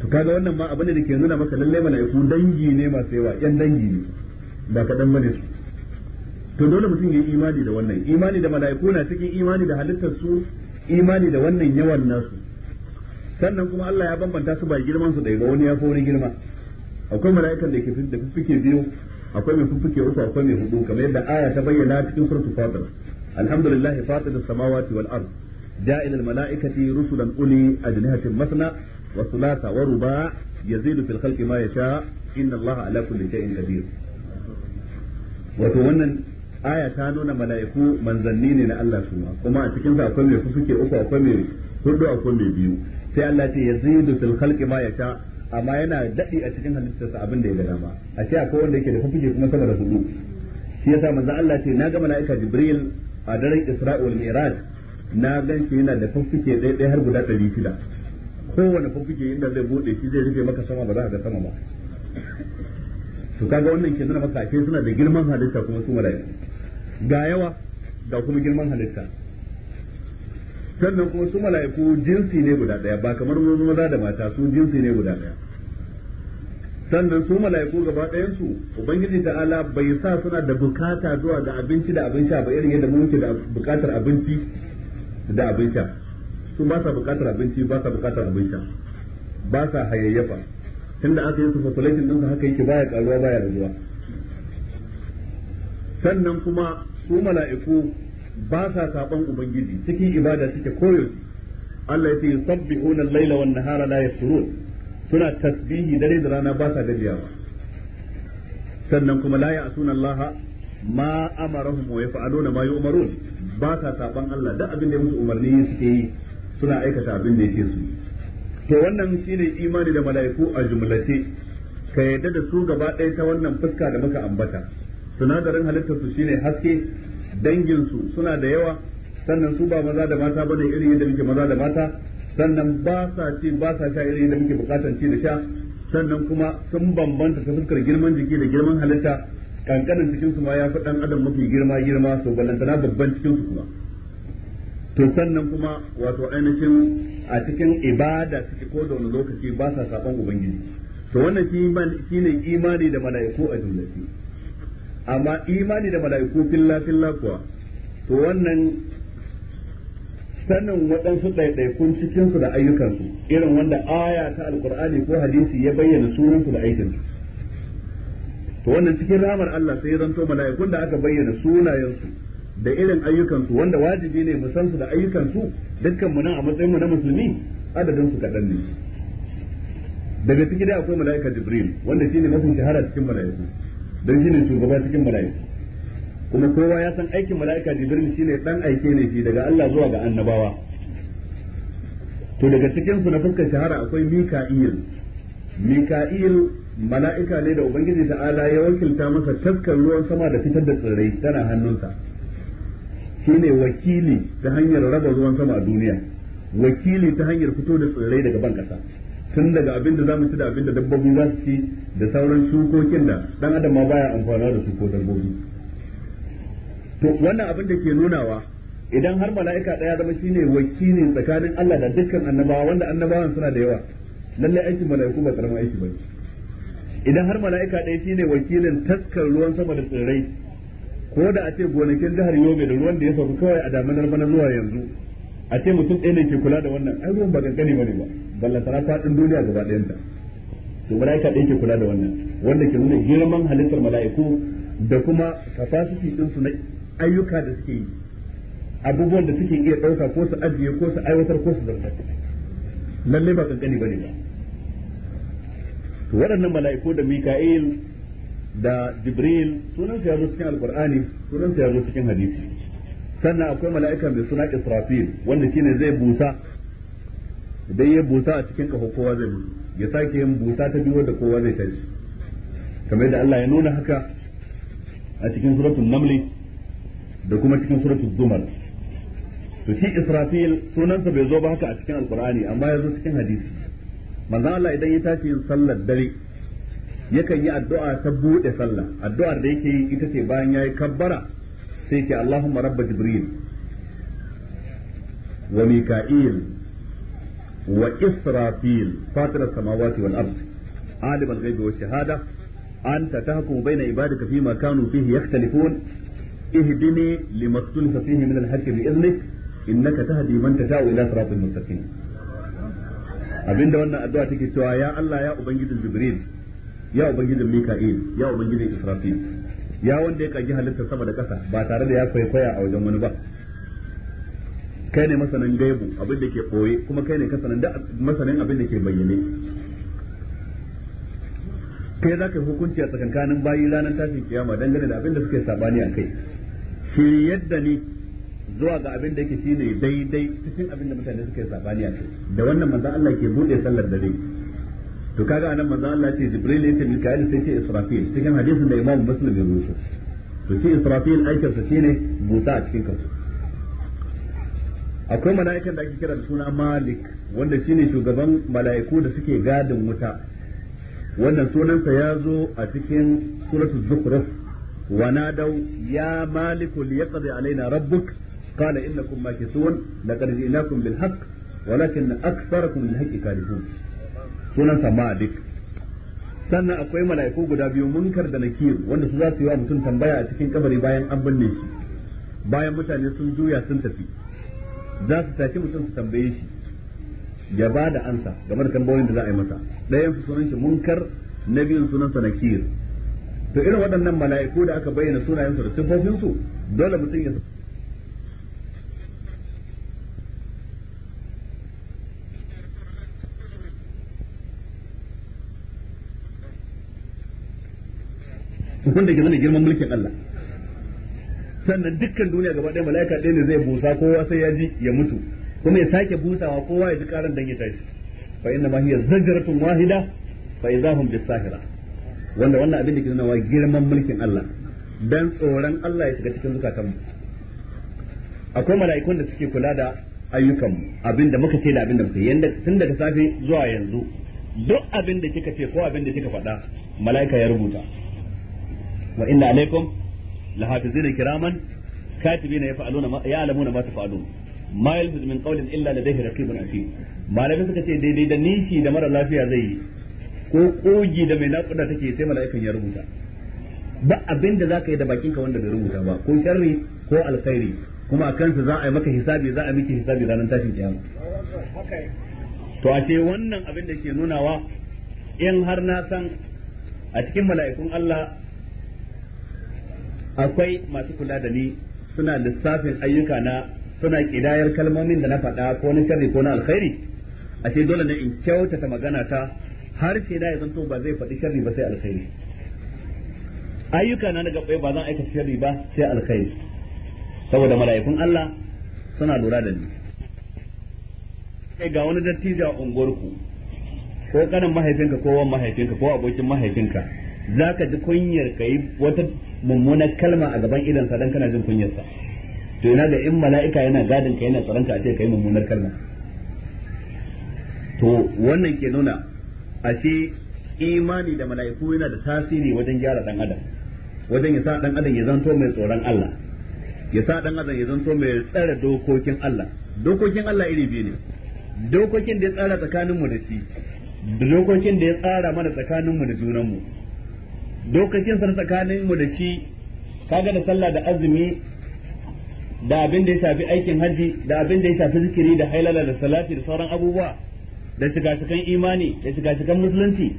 Speaker 1: to kaga wannan ma abin da ke nuna maka lalle mala'iku dangi ne masu yawa yan dangi ne ba kadan bane su to dole mutum ya yi imani da wannan imani da mala'iku na cikin imani da halittar su imani da wannan yawan nasu sannan kuma Allah ya bambanta su ba girman su daga wani ya fi wani girma akwai mala'ikan da ke da fuffuke biyu akwai mai fuffuke uku akwai mai hudu kamar yadda aya ta bayyana cikin suratul fatir alhamdulillah fatir as-samawati wal ard ja'il al-mala'ikati rusulan uli ajnihatin masna wa thulatha wa ruba' yazidu fil khalqi ma yasha inna allaha ala kulli shay'in qadir wato wannan aya ta nuna mala'iku manzanni ne na Allah su kuma a cikin sa akwai mai fuffuke uku akwai mai hudu akwai mai biyu sai Allah ce yazidu fil khalqi ma yasha amma yana daɗi a cikin halittarsa abin da ya ga dama a ce akwai wanda yake da fuffuke kuma sama da hudu shi yasa manzo Allah ce na ga malaika Jibril a daren Isra'i wal Mi'raj na gan shi yana da fuffuke dai dai har guda ɗari shida kowane fuffuke inda zai bude shi zai rufe maka sama ba za ka ga sama ba to kaga wannan ke nuna maka ake suna da girman halitta kuma su mala'iku ga yawa da kuma girman halitta sannan kuma su mala'iku jinsi ne guda daya ba kamar wani maza da mata su jinsi ne guda daya sannan su mala'iku gaba ɗayan su ubangiji ala bai sa suna da bukata zuwa ga abinci da abin sha ba irin yadda muke da bukatar abinci da abin sha su ba sa bukatar abinci ba sa bukatar abin sha ba sa hayayyafa tunda aka yi su population ɗinsa haka yake baya karuwa baya raguwa sannan kuma su mala'iku ba sa saban ubangiji cikin ibada suke koyaushe Allah yake yusabbihuna al-laila wan nahara la yafturun suna tasbihi dare da rana ba sa gajiyawa sannan kuma la ya'suna Allah ma amarahum wa yaf'aluna ma yu'marun ba sa saban Allah da abin da ya musu umarni suke yi suna aikata abin da yake su to wannan shine imani da mala'iku a jumlace ka yadda da su gaba ɗaya ta wannan fuska da muka ambata sinadarin halittarsu shine haske danginsu suna da yawa sannan su ba maza da mata bane irin yadda muke maza da mata sannan ba sa ci ba sa sha irin yadda muke bukatan ci da sha sannan kuma sun bambanta ta fuskar girman jiki da girman halitta kankanin cikin su ma ya fi dan adam mafi girma girma so balantana babban cikin su kuma to sannan kuma wato ainihin a cikin ibada suke ko da wani lokaci ba sa saban ubangiji to wannan shi ne imani da mala'iku a jumlace amma imani da mala'iku filla filla kuwa to wannan sanin waɗansu ɗaiɗaikun cikinsu da ayyukansu irin wanda aya ta alkur'ani ko hadisi ya bayyana sunansu da aikinsu to wannan cikin ramar Allah sai zanto mala'ikun da aka bayyana sunayensu da irin ayyukansu wanda wajibi ne mu san su da ayyukansu dukkan mu nan a matsayin mu na musulmi adadin su kaɗan ne daga ciki dai akwai mala'ika jibril wanda shine mafi shahara cikin mala'iku don shi ne shugaba cikin mala'iku kuma kowa ya san aikin mala'ika jibril shine dan aike ne shi daga Allah zuwa ga annabawa to daga cikin su na fuskar shahara akwai mika'il mika'il mala'ika ne da ubangiji ta'ala ya wakilta masa taskar ruwan sama da fitar da tsirrai tana hannunsa Shi ne wakili ta hanyar raba ruwan sama a duniya wakili ta hanyar fito da tsirrai daga ban ƙasa. tun daga abin da zamu ci da abin da dabbobi za su ci da sauran shukokin da dan adam ma baya amfana da su ko dabbobi to wannan abin da ke nunawa idan har mala'ika daya zama shine wakili tsakanin Allah da dukkan annabawa wanda annabawan suna da yawa lalle aikin mala'iku ba karamin aiki bane idan har mala'ika ɗaya shine wakilin taskar ruwan sama da tsirrai ko da a ce gonakin jihar Yobe da ruwan da ya sauka kawai a damanar bana zuwa yanzu a ce mutum ɗaya ne ke kula da wannan ai ruwan ba kankani bane ba balla tara ta din duniya gaba ɗayan ta to malaika ɗaya ke kula da wannan wanda ke nuna girman halittar mala'iku da kuma capacity din su na ayyuka da suke yi abubuwan da suke iya ɗauka ko su ajiye ko su aiwatar ko su zartar lallai ba kankani bane ba waɗannan mala'iku da mika'il da jibril sunansa ya zo cikin alkur'ani sunansa ya zo cikin hadisi sannan akwai mala'ika mai suna Israfil wanda ne zai busa idan ya busa a cikin kafa kowa zai mutu ya sake yin busa ta biyu da kowa zai tashi kamar yadda Allah ya nuna haka a cikin suratul namli da kuma cikin suratul zumar to shi Israfil sunansa bai zo ba haka a cikin alkur'ani amma ya zo cikin hadisi manzon Allah idan ya tashi yin sallar dare yakan yi addu'a ta buɗe sallah addu'ar da yake yi ita ce bayan yayi kabbara sai ce Allahumma rabba jibril wa mika'il wa israfil fatir as-samawati wal ard alim al-ghaibi wa shahada anta tahkumu bayna ibadika fima kanu fihi yakhtalifun اهدني لما اختلف فيه من الحق بإذنك إنك تهدي من تشاء إلى صراط المستقيم abinda wannan addu'a take cewa ya Allah ya ubangijin Jibril ya ubangijin Mika'il ya ubangijin Israfil ya wanda ya kagi halittar sama da kasa ba tare da ya kwaikwaya a wajen wani ba kai ne masanin gaibu abin da ke ɓoye kuma kai ne kasanin sanin masanin abin da ke bayyane kai za ka yi hukunci a tsakankanin bayi ranar tashin kiyama dangane da abin da suke sabani a kai shi yadda ni zuwa ga abin da yake shine daidai cikin abin da mutane suke sabani a kai da wannan manzan Allah ke bude sallar dare to kaga anan manzo Allah ce Jibril ne ce Mika'il sai ce Israfil cikin hadisin da Imam Muslim ya rubuta to shi Israfil aikin sa shine busa a cikin kansu akwai mala'ikan da ake kira da suna Malik wanda shine shugaban mala'iku da suke gadin wuta wannan sunansa ya zo a cikin suratul zukhruf wa nadaw ya maliku liyaqdi alaina rabbuk qala innakum makithun laqad ji'nakum bil haqq ولكن أكثركم للحق كارهون sunan sa ma'adik sannan akwai mala'iku guda biyu munkar da nakir wanda su za su yi wa mutum tambaya a cikin kabari bayan an binne shi bayan mutane sun juya sun tafi za su mutum su tambaye shi ya ba da ansa game da tambayoyin da za a yi masa ɗayan su sunan shi munkar na biyun sunan sa nakir to irin waɗannan mala'iku da aka bayyana sunayensu da su dole mutum ya da ke zane girman mulkin Allah sannan dukkan duniya gaba ɗaya mala'ika ɗaya ne zai busa kowa sai ya ji ya mutu kuma ya sake busawa kowa ya ji karan dan ya tashi fa inna ma hiya zajratun wahida fa idahum bisahira wanda wannan abin da ke nuna wa girman mulkin Allah dan tsoron Allah ya shiga cikin mu akwai mala'ikun da suke kula da ayyukanmu abinda muka ce da abinda muka yanda tun daga safe zuwa yanzu duk abin da kika ce ko abin da kika faɗa mala'ika ya rubuta wa inna alaikum lahafizina kiraman katibina fa'aluna ya alamuna ma taf'alun ma yalfiz min qawlin illa ladayhi raqibun atid malamin suka ce daidai da nishi da mara lafiya zai yi ko kogi da mai nakuda take sai mala'ikan ya rubuta ba abin da zaka yi da bakin ka wanda bai rubuta ba ko sharri ko alkhairi kuma a kansa za a yi maka hisabi za a miki hisabi ranar tashin kiyama to a ce wannan abin da ke nunawa in har na san a cikin mala'ikun Allah akwai masu kula da ni suna lissafin ayyuka na suna kidayar kalmomin da na faɗa ko na sharri ko na alkhairi ashe dole ne in kyautata magana ta har sai da yanzu to ba zai faɗi sharri ba sai alkhairi ayyuka na na gaba ba zan aika sharri ba sai alkhairi saboda mala'ikun Allah suna lura da ni kai ga wani dattijo a unguwarku ko kanin mahaifinka ko wan mahaifinka ko abokin mahaifinka zaka ji kunyar kai wata mummunar kalma a gaban idan sa dan kana jin kunyarsa sa to ina ga in mala'ika yana gadin ka yana tsaron ka a ce kai mummunar kalma to wannan ke nuna ashe imani da mala'iku yana da tasiri wajen gyara dan adam wajen ya sa dan adam ya zanto mai tsoron Allah ya sa dan adam ya zanto mai tsare dokokin Allah dokokin Allah iri biyu ne dokokin da ya tsara tsakaninmu da shi dokokin da ya tsara mana tsakaninmu da junanmu dokokin sa tsakanin mu da shi kaga da sallah da azumi da abin da ya shafi aikin haji da abin da ya shafi zikiri da hailala da salati da sauran abubuwa da shiga cikin imani da shiga cikin musulunci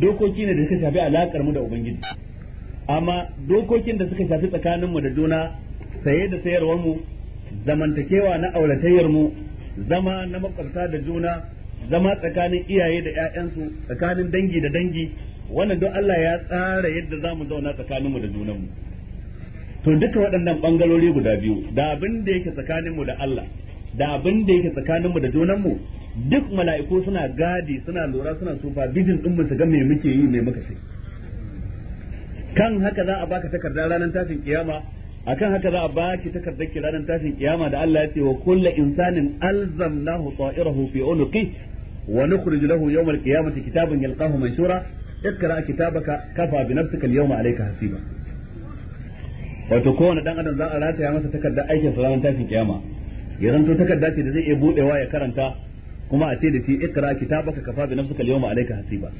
Speaker 1: dokoki ne da suka shafi alakar mu da ubangiji amma dokokin da suka shafi tsakanin mu da juna saye da sayarwar mu zamantakewa na auratayyar mu zama na makwabta da juna zama tsakanin iyaye da 'ya'yansu tsakanin dangi da dangi wannan don Allah ya tsara yadda za mu zauna tsakaninmu da junanmu to duka waɗannan ɓangarori guda biyu da abin da yake tsakaninmu da Allah da abin da yake tsakaninmu da junanmu duk mala'iku suna gadi suna lura suna sofa bijin ɗin su ga me muke yi me muka sai kan haka za a baka takardar ranar tashin kiyama akan haka za a baki takardar ki ranar tashin kiyama da Allah ya ce wa kullu insanin alzamnahu ta'irahu fi unqi wa nukhrij lahu yawm al-qiyamati kitaban yalqahu manshura ikra kitabaka kafa bi nafsika al-yawma alayka hasiba wato kowane dan adam za a rataya masa takardar aikin sa ranar tashin kiyama ya zanto takarda ce da zai iya budewa ya karanta kuma a ce da shi ikra kitabaka kafa bi nafsika al-yawma alayka hasiba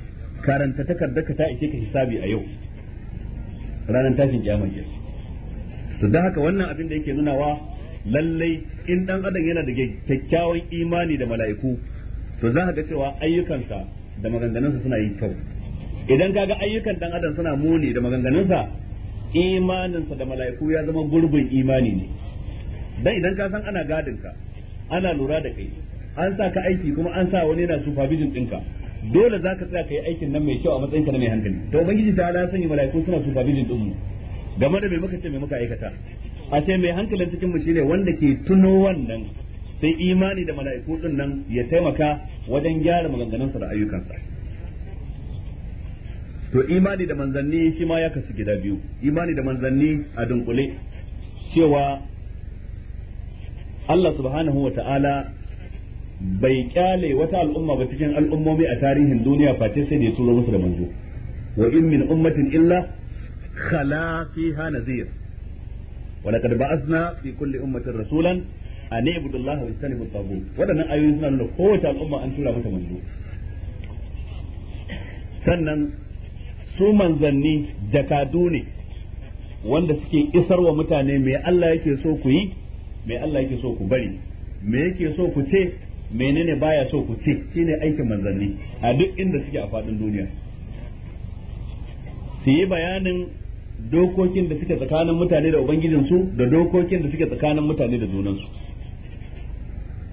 Speaker 1: karanta takardarka ta ishe ka hisabi a yau ranar tashin kiyama ke to dan haka wannan abin da yake nunawa lallai in dan adam yana da kyakkyawan imani da mala'iku to za ka ga cewa ayyukansa da maganganunsa suna yin kyau idan kaga ayyukan dan adam suna muni da maganganunsa imaninsa da mala'iku ya zama gurbin imani ne dan idan ka san ana gadin ka ana lura da kai an sa ka aiki kuma an sa wani yana supervision ɗinka dole zaka tsaya ka yi aikin nan mai kyau a matsayinka na mai hankali to ubangiji ta ala sanya mala'iku suna supervision mu, game da mai muka ce mai muka aikata a ce mai hankalin cikin mu shine wanda ke tuno wannan sai imani da mala'iku din nan ya taimaka wajen gyara maganganunsa da ayyukansa to imani da manzanni shi ma ya kasu gida biyu imani da manzanni a dunkule cewa Allah subhanahu wa ta'ala bai kyale wata al'umma ba cikin al'ummomi a tarihin duniya face sai da ya turo musu da manzo wa in min ummatin illa khala fiha nazir wa laqad ba'athna fi kulli ummatin rasulan an ibudu Allah wa istanibu tagut wadannan ayoyi suna nuna kowace al'umma an tura mata manzo sannan su manzanni jakadu ne wanda suke isar wa mutane me Allah yake so ku yi me Allah yake so ku bari me yake so ku ce menene baya so ku ce shine aikin manzanni a duk inda suke a faɗin duniya su yi bayanin dokokin da suke tsakanin mutane da ubangijinsu da dokokin da suke tsakanin mutane da junansu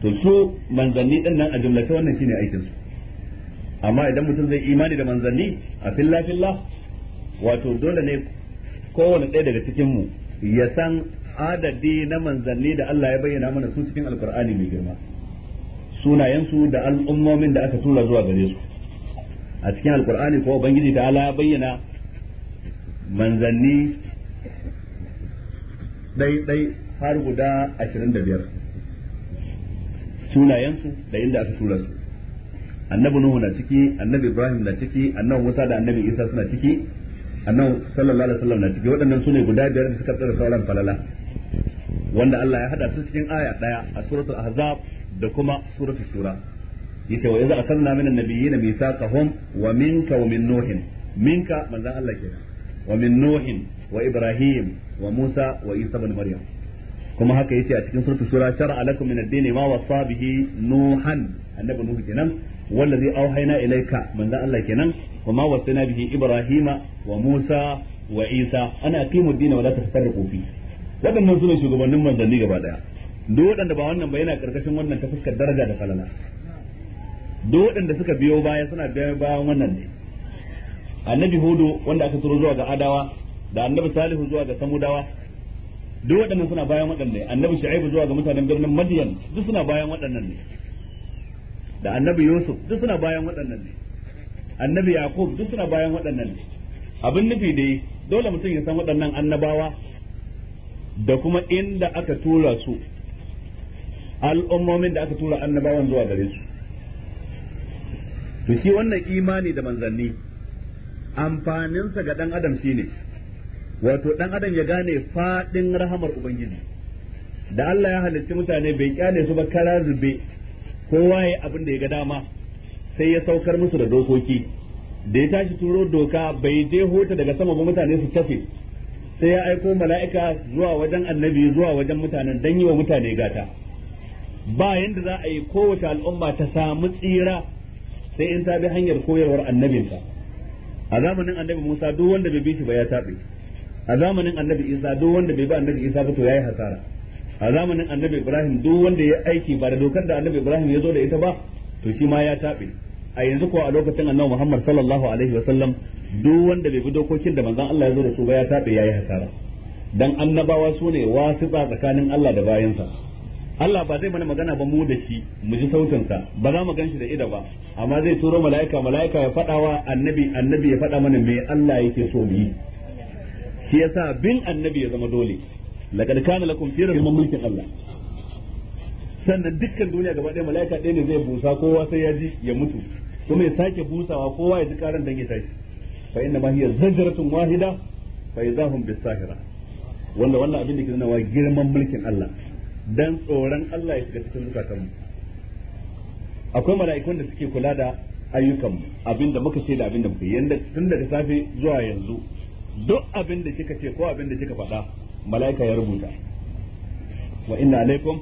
Speaker 1: to su manzanni ɗin nan a jumlace wannan shine aikinsu amma idan mutum zai imani da manzanni a filla filla wato dole ne kowane ɗaya daga cikin mu ya san adadi na manzanni da Allah ya bayyana mana su cikin alkur'ani mai girma sunayensu da al'ummomin da aka tura zuwa gare su a cikin alkur'ani ko ubangiji allah ya bayyana manzanni ɗai har guda ashirin da biyar sunayensu da inda aka tura su annabi nuhu na ciki annabi ibrahim na ciki annabi musa da annabi isa suna ciki annabi sallallahu alaihi wasallam na ciki waɗannan sune guda biyar da suka tsara sauran falala wanda Allah ya hada su cikin aya daya a suratul ahzab da kuma suratul shura yace wa idza akalna min an-nabiyyina mithaqahum wa minka wa min nuhin minka manzan Allah kenan wa min nuhin wa ibrahim wa musa wa isa ibn maryam kuma haka yace a cikin suratul shura shar'a lakum min ad-dini ma wasa bihi nuhan annabi nuhu kenan والذي auhayna ilayka من Allah الله wa وما وصينا به ibrahima wa musa wa isa ana ولا ad فيه wa la wadannan sunan shugabannin manzanni gaba daya duk wadanda ba wannan ba yana karkashin wannan ta fuskar daraja da falala duk wadanda suka biyo baya suna biyo bayan wannan ne annabi hudu wanda aka turo zuwa ga adawa da annabi salihu zuwa ga samudawa duk waɗannan suna bayan waɗannan annabi shu'aibu zuwa ga mutanen birnin madiyan duk suna bayan waɗannan ne da annabi yusuf duk suna bayan waɗannan ne annabi yaqub duk suna bayan waɗannan ne abin nufi dai dole mutum ya san waɗannan annabawa da kuma inda aka tura su al'ummomin da aka tura annabawan zuwa gare su to shi wannan imani da manzanni amfaninsa ga ɗan adam shine wato ɗan adam ya gane faɗin rahamar ubangiji da Allah ya halicci mutane bai kyale su ba kara zube kowa ya abin da ya ga dama sai ya saukar musu da dokoki da ya tashi turo doka bai je hota daga sama ba mutane su tafi sai ya aiko mala'ika zuwa wajen annabi zuwa wajen mutanen dan yi wa mutane gata ba yanda za a yi kowace al'umma ta samu tsira sai in ta bi hanyar koyarwar annabinsa a zamanin annabi Musa duk wanda bai bi shi ba ya taɓe a zamanin annabi Isa duk wanda bai bi annabi Isa ba to yayi hasara a zamanin annabi ibrahim duk wanda ya aiki ba da dokar da annabi ibrahim ya zo da ita ba to shi ma ya taɓe a yanzu kuwa a lokacin annabi muhammad sallallahu alaihi wasallam duk wanda bai bi dokokin da manzon Allah ya zo da su ba ya taɓe yayi hasara dan annabawa su ne ba tsakanin Allah da bayansa Allah ba zai mana magana ba mu da shi mu ji sautinsa ba za mu ganshi da ida ba amma zai turo mala'ika mala'ika ya fadawa wa annabi annabi ya fada mana me Allah yake so mu yi shi yasa bin annabi ya zama dole laqad kana lakum fi rajulin mulkin Allah sannan dukkan duniya gaba ɗaya mala'ika ɗaya ne zai busa kowa sai ya ji ya mutu kuma ya sake busawa kowa ya ji karan dan ya tashi fa inna ma hiya zajratun wahida fa idahum bisahira wanda wannan abin da ke nuna wa girman mulkin Allah dan tsoron Allah ya shiga cikin zukatan mu akwai mala'ikun da suke kula da ayyukan abin da muka ce da abin da muka yi yanda tun daga safe zuwa yanzu duk abin da kika ce ko abin da kika faɗa mala'ika ya rubuta wa inna alaikum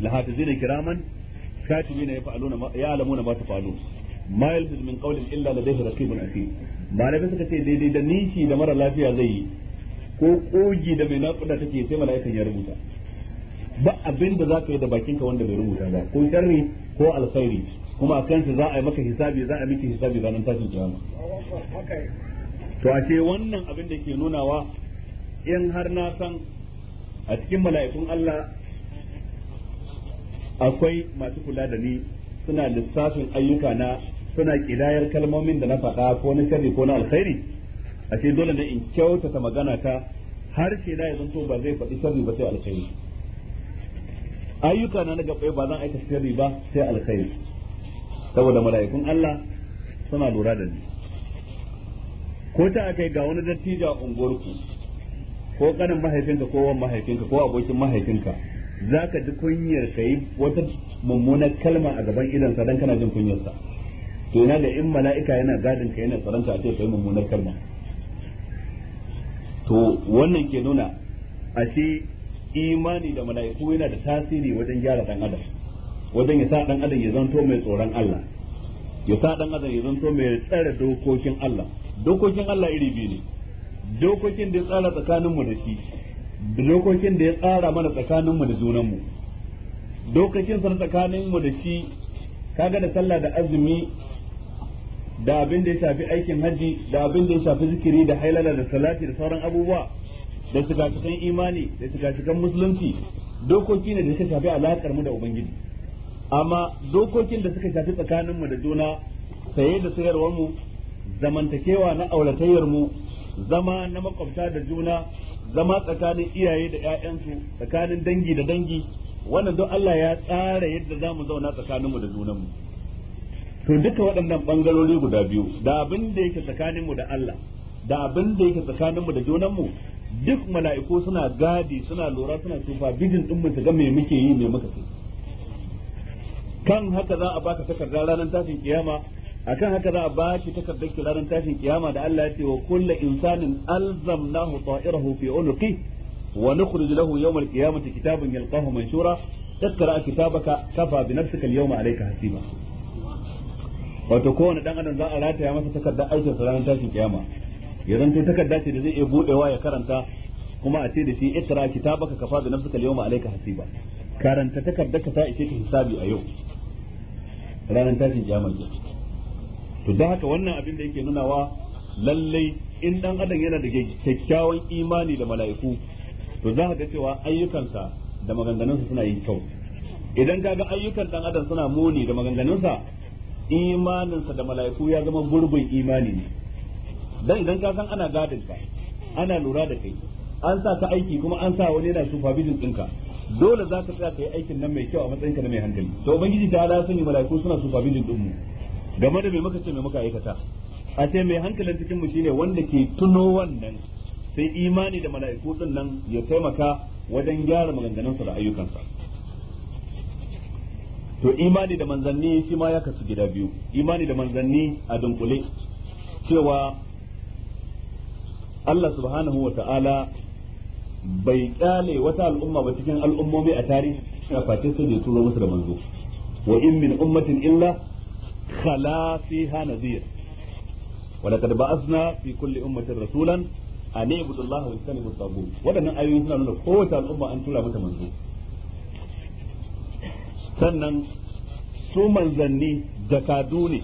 Speaker 1: lahafizina kiraman katibina yaf'aluna ya'lamuna ma tafalun ma yalfiz min qawlin illa ladayhi raqibun atid malamin suka ce daidai da nishi da mara lafiya zai yi ko kogi da mai nakuda take sai mala'ikan ya rubuta ba abin da zaka yi da bakinka wanda bai rubuta ba ko sharri ko alkhairi kuma a kansa za a yi maka hisabi za a miki hisabi ranar tashin kiyama to a ce wannan abin da ke nunawa in har na san a cikin mala'ikun Allah akwai masu kula da ni suna lissafin ayyuka na suna kidayar kalmomin da na faɗa ko na sharri ko na alkhairi a ce dole ne in kyautata magana ta har ke da ya zanto ba zai faɗi sharri ba sai alkhairi ayyuka na na ba zan aika sharri ba sai alkhairi saboda mala'ikun Allah suna lura da ni ko ta akai ga wani dattijo a unguwarku ko kanin mahaifinka ko wan mahaifinka ko abokin mahaifinka za ka ji kunyar ka yi wata mummunar kalma a gaban idansa dan kana jin kunyarsa to ina da in mala'ika yana gadin ka yana tsaronka a ce yi mummunar kalma to wannan ke nuna a ce imani da mala'iku yana da tasiri wajen gyara dan adam wajen ya sa dan adam ya zanto mai tsoron Allah ya sa dan adam ya zanto mai tsare dokokin Allah dokokin Allah iri biyu ne dokokin da ya tsara tsakanin mu da shi dokokin da ya tsara mana tsakanin mu da junan mu dokokin sa tsakanin mu da shi kaga da sallah da azumi da abin da ya shafi aikin haji da abin da ya shafi zikiri da hailala da salati da sauran abubuwa da shiga cikin imani da shiga cikin musulunci dokoki ne da suka shafi alakar mu da ubangiji amma dokokin da suka shafi tsakanin mu da juna saye da sayarwar mu zamantakewa na auratayyar mu zama na makwabta da juna zama tsakanin iyaye da 'ya'yansu tsakanin dangi da dangi wannan don Allah ya tsara yadda za mu zauna tsakaninmu da junanmu to duka waɗannan ɓangarori guda biyu da abin da yake tsakaninmu da Allah da abin da yake tsakaninmu da junanmu duk mala'iku suna gadi suna lura suna tufa bijin ɗin su ga me muke yi me muka kan haka za a baka takarda ranar tashin kiyama akan haka za a ba shi takardar kiraran tashin kiyama da Allah ya ce wa kullu insanin alzamnahu ta'irahu fi unqi wa nukhrij lahu yawm al-qiyamati kitaban yalqahu manshura اقرأ كتابك كفى بنفسك اليوم عليك hasiba. wato kowane dan adam za a rataya masa takardar aikin sa ranar tashin kiyama ya zanto takarda ce da zai iya budewa ya karanta kuma a ce da shi ikra kitabaka kafa bi nafsika al-yawma alayka hasiba karanta takardar ka ta ishe ka hisabi a yau ranar tashin kiyama ke to da haka wannan abin da yake nunawa lallai in dan adam yana da kyakkyawan imani da mala'iku to za ka ga cewa ayyukansa da maganganunsa suna yin kyau idan ka ga ayyukan dan adam suna muni da maganganunsa imaninsa da mala'iku ya zama gurbin imani ne dan idan ka san ana gadin ka ana lura da kai an sa ka aiki kuma an sa wani yana supervision ɗinka dole za ka tsaya ka yi aikin nan mai kyau a matsayinka na mai hankali to ubangiji ta ala sun yi mala'iku suna supervision ɗinmu mu game da me muka ce me muka aikata a ce mai hankalin cikin mu shine wanda ke tuno wannan sai imani da mala'iku nan ya taimaka wajen gyara maganganunsa da ayyukansa to imani da manzanni shi ma ya kasu gida biyu imani da manzanni a dunkule cewa Allah subhanahu wa ta'ala bai kyale wata al'umma ba cikin al'ummomi a tarihi a face sai da turo musu da manzo wa in min ummatin illa khala fiha nadhir ولقد بعثنا في كل أمة رسولا أن اعبدوا الله واجتنبوا الطاغوت ودنا أيوين سنة نقول قوة الأمة أن تلا متى منزو sannan su manzanni jakadu ne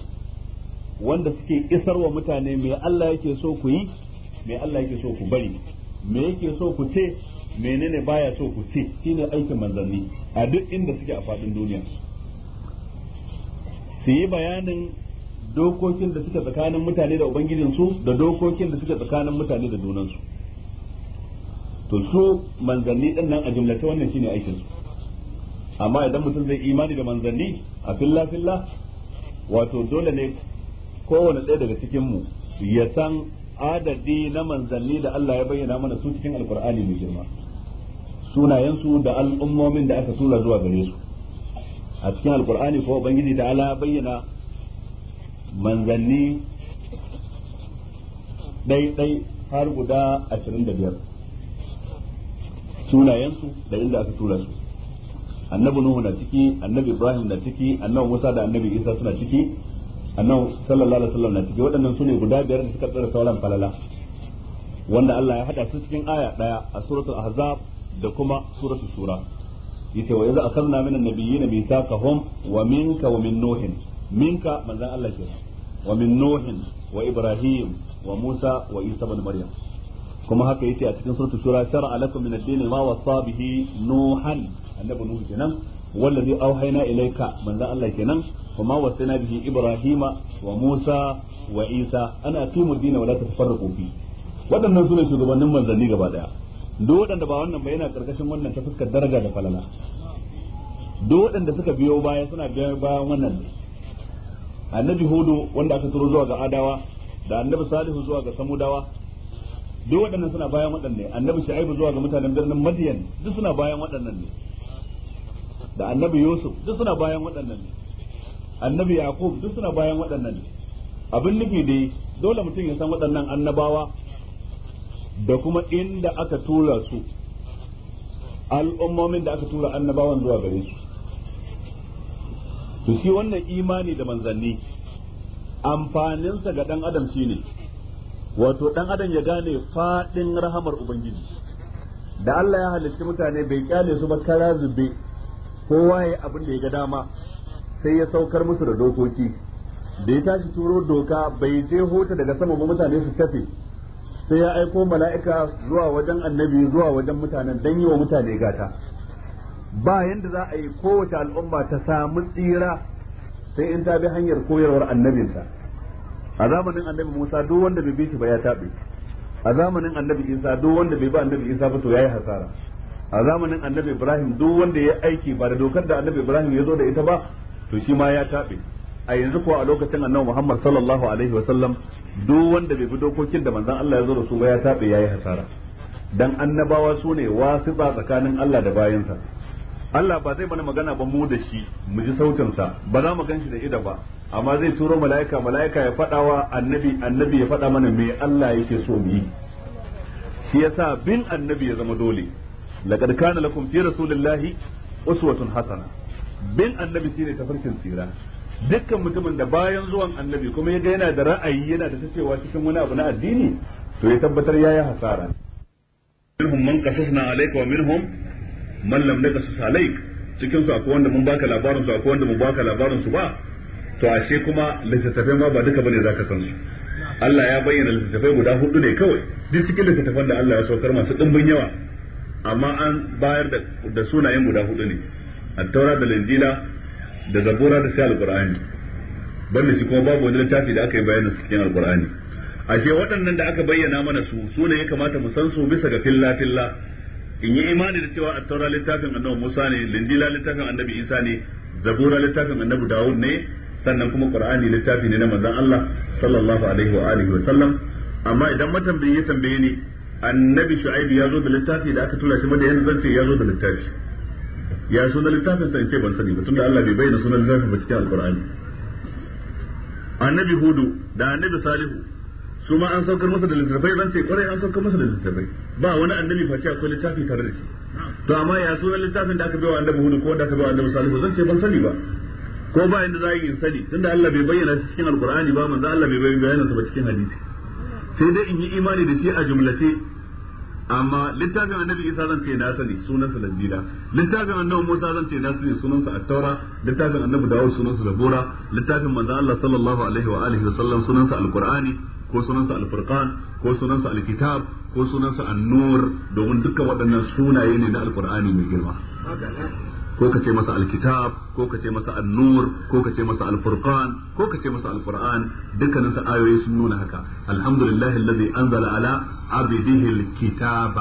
Speaker 1: wanda suke isar wa mutane me Allah yake so ku yi me Allah yake so ku bari me yake so ku ce menene baya so ku ce shine aikin manzanni a duk inda suke a faɗin duniya su yi bayanin dokokin da suka tsakanin mutane da ubangijinsu da dokokin da suka tsakanin mutane da junansu to su manzanni din nan a jimlata wannan shine aikin su amma idan mutum zai imani da manzanni a filla filla wato dole ne kowane ɗaya daga cikin mu ya san adadi na manzanni da Allah ya bayyana mana su cikin alkur'ani mai girma sunayensu da al'ummomin da aka tura zuwa gare su a cikin alkur'ani ko ubangiji da ala bayyana manzanni ɗai-ɗai har guda ashirin da biyar sunayensu da inda aka tura su annabi nuhu na ciki annabi ibrahim na ciki annabi musa da annabi isa suna ciki annabi sallallahu alaihi wasallam na ciki waɗannan sune guda biyar da suka tsara sauran falala wanda Allah ya hada su cikin aya daya a suratul ahzab da kuma suratul shura yace wa idza akhadna minan ka mithaqahum wa minka wa min nuhin minka manzon Allah ke wa min nuhin wa ibrahim wa musa wa isa ibn maryam kuma haka yace a cikin suratul shura shar'a lakum min ad-din ma wasa bihi nuhan annabi nuh kenan wallazi auhayna ilayka manzon Allah kenan kuma wasana bihi ibrahima wa musa wa isa ana aqimu ad-din wa la tafarraqu fi wadannan sune shugabannin manzanni gaba daya duk waɗanda ba wannan ba yana karkashin wannan ta fuskar daraja da falala duk waɗanda suka biyo baya suna biyo bayan wannan ne annabi hudu wanda aka turo zuwa ga adawa da annabi salihu zuwa ga samudawa duk waɗannan suna bayan ne annabi shu'aibu zuwa ga mutanen birnin madiyan duk suna bayan waɗannan ne da annabi yusuf duk suna bayan waɗannan ne annabi yaqub duk suna bayan waɗannan ne abin nufi dai dole mutum ya san waɗannan annabawa da kuma inda aka tura su al'ummomin da aka tura annabawan zuwa gare su to shi wannan imani da manzanni amfaninsa ga ɗan adam shine wato ɗan adam ya gane faɗin rahamar ubangiji da Allah ya halicci mutane bai kyale su ba kara zube kowa ya abin da ya ga dama sai ya saukar musu da dokoki da ya tashi turo doka bai je hota daga sama ba mutane su tafi sai ya aiko mala'ika zuwa wajen annabi zuwa wajen mutanen don yi wa mutane gata ba yadda za a yi kowace al'umma ta samu tsira sai in ta bi hanyar koyarwar annabinsa. a zamanin annabi Musa duk wanda bai bishi shi ba ya taɓe a zamanin annabi Isa duk wanda bai bi annabi Isa ba to yi hasara a zamanin annabi Ibrahim duk wanda ya aiki ba da dokar da annabi Ibrahim ya zo da ita ba to shi ma ya taɓe a yanzu kuwa a lokacin annabi Muhammad sallallahu alaihi wa sallam duk wanda bai bi dokokin da manzon Allah ya zo da su ba ya tabe yayi hasara dan annabawa su ne ba tsakanin Allah da bayansa Allah ba zai mana magana ba mu da shi mu ji sautin sa ba za mu gan shi da ido ba amma zai turo mala'ika mala'ika ya faɗawa wa annabi annabi ya faɗa mana me Allah yake so mu yi shi yasa bin annabi ya zama dole laqad kana lakum fi rasulillahi uswatun hasana bin annabi shine tafarkin tsira dukkan mutumin da bayan zuwan annabi kuma ya ga yana da ra'ayi yana da tacewa cikin wani abu na addini to ya tabbatar yayi hasara minhum man qasasna alayka wa minhum man lam naqasas alayk cikin su akwai wanda mun baka labarin su akwai wanda mun baka labarin su ba to ashe kuma littattafai ma ba duka bane zaka san su Allah ya bayyana littattafai guda hudu ne kawai duk cikin littattafan da Allah ya saukar masu dimbin yawa amma an bayar da sunayen guda hudu ne at-taura da injila da zabura da sai alqur'ani banda shi kuma babu wani littafi da aka yi bayanin su cikin alqur'ani ashe waɗannan da aka bayyana mana su su ne ya kamata mu san su bisa ga filla filla in yi imani da cewa attaura littafin annabi Musa ne linjila littafin annabi Isa ne zabura littafin annabi Dawud ne sannan kuma qur'ani littafi ne na manzon Allah sallallahu alaihi wa alihi wa sallam amma idan matambayi ya tambaye ni annabi shu'aibu ya zo da littafi da aka tura shi yanzu zan ya zo da littafi ya sunan littafin sa in ce ban sani ba tunda Allah bai bayyana sunan littafin ba cikin alqur'ani annabi hudu da annabi salihu su ma an saukar masa da littafai ban ce kwarai an saukar masa da littafai ba wani annabi face akwai littafi tare da shi to amma ya sunan littafin da aka bai wa annabi hudu ko da aka bai wa annabi salihu zan ce ban sani ba ko ba inda za a yi sani tunda Allah bai bayyana shi cikin alqur'ani ba manzo Allah bai bayyana sa ba cikin hadisi sai dai in yi imani da shi a jumlace amma littafin annabi isa zan ce na sani sunan sa littafin annabi musa zan ce na sani sunan sa taura littafin annabi dawud sunan sa zabura littafin manzo Allah sallallahu alaihi wa alihi wa sallam sunan sa al ko sunan sa al-furqan ko sunan sa al-kitab ko sunan sa domin dukkan waɗannan sunaye ne na al mai girma ko ka ce masa alkitab ko ka ce masa annur ko ka ce masa alfurqan ko ka ce masa alquran dukkanin sa ayoyi sun nuna haka alhamdulillahi alladhi anzala ala عبده الكتاب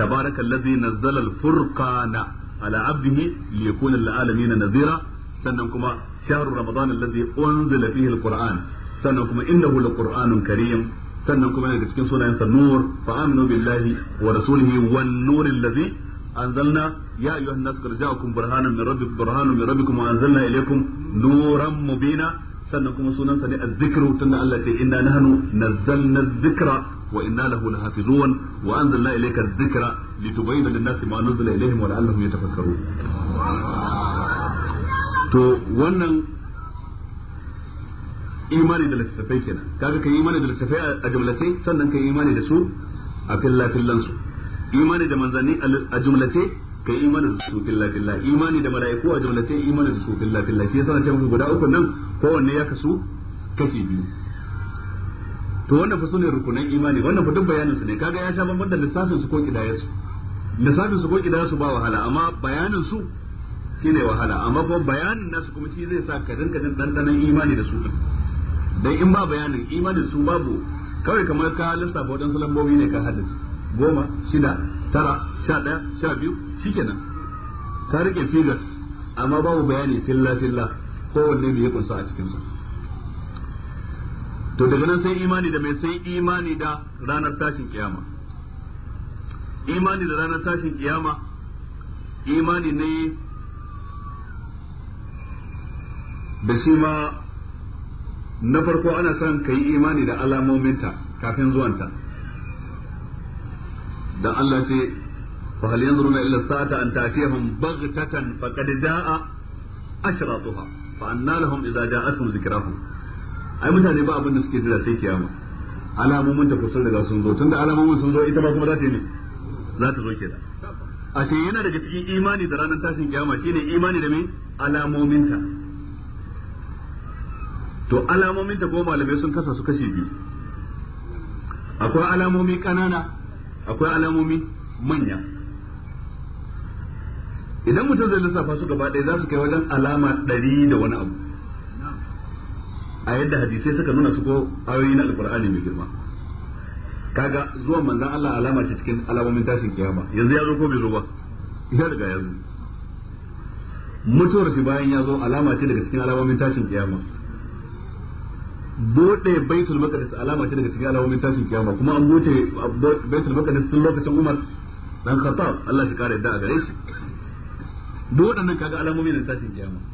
Speaker 1: تبارك الذي نزل الفرقان على عبده ليكون للعالمين نذيرا sannan شهر رمضان الذي أنزل فيه القرآن sannan kuma إنه كريم sannan kuma yana cikin sunayensa nur fa aminu billahi wa rasulihi wan nur allazi anzalna ya zikra wa inna lahu lahafizun wa anzalna ilayka adh-dhikra litubayyana lin-nasi ma nuzila ilayhim wa la'allahum to wannan imani da littattafai kenan kaga kai imani da littattafai a jumlace sannan kai imani da su a filla fillan su imani da manzanni a jumlace kai imani da su filla filla imani da mala'iku a jumlace imani da su filla filla shi yasa na muku guda uku nan kowanne ya kasu kashi biyu to wannan fa sune rukunan imani wannan fa duk bayanin su ne kaga ya sha bamban da lissafin su ko kidayar su lissafin su ko kidayar su ba wahala amma bayanin su shine wahala amma kuma bayanin nasu kuma shi zai sa ka rinka jin dandanan imani da su dan in ba bayanin imani su babu kawai kamar ka lissafa wadansu lambobi ne ka haddace goma shida tara sha daya sha biyu shikenan ka rike figas amma babu bayani filla filla kowanne da ya kunsa a cikinsu to daga nan sai imani da mai sai imani da ranar tashin kiyama imani da ranar tashin kiyama imani ne da shi ma na farko ana son ka yi imani da alamominta kafin zuwanta dan Allah ce fa hal yanzuruna illa sa'ata an ta'tiyahum baghtatan faqad da'a ashratuha fa anna lahum idza ja'atuhum zikrahum ai mutane ba abin da suke jira sai kiyama alamomin ta kusan daga sun zo da alamomin sun zo ita ba kuma za ta yi za ta zo da a ce yana daga cikin imani da ranar tashin kiyama shine imani da mai alamominta to alamominta ko malamai sun kasa su kashe biyu akwai alamomi kanana akwai alamomi manya idan mutum zai lissafa su gaba ɗaya za su kai wajen alama ɗari da wani abu a yadda hadisai suka nuna su ko ayoyi na alkur'ani mai girma kaga zuwa manzan Allah alama ce cikin alamomin tashin kiyama yanzu ya zo ko bai zo ba ya riga ya zo mutuwar shi bayan ya zo alama ce daga cikin alamomin tashin kiyama bude baitul maqdis alama ce daga cikin alamomin tashin kiyama kuma an bude baitul maqdis tun lokacin Umar dan Khattab Allah shi kare da a gare shi duk waɗannan kaga alamomin tashin kiyama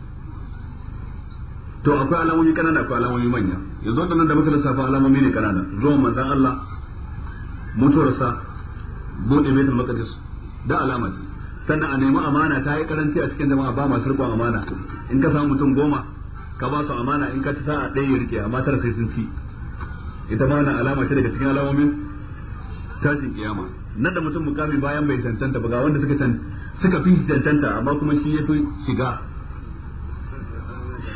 Speaker 1: to akwai alamomi kanana akwai alamomi manya yanzu nan da muka lissafa alamomi ne kanana zuwan manzan Allah mutuwarsa bude baitul maqdis da alama ce sannan a nemi amana ta yi karanci a cikin jama'a ba masu rikon amana in ka samu mutum goma ka ba su amana in ka ci sa'a ɗaya ya rike amma tara sai sun ci ita ma na alama ce daga cikin alamomin tashin kiyama nan da mutum mukami bayan bai cancanta ba ga wanda suka suka fi cancanta amma kuma shi ya fi shiga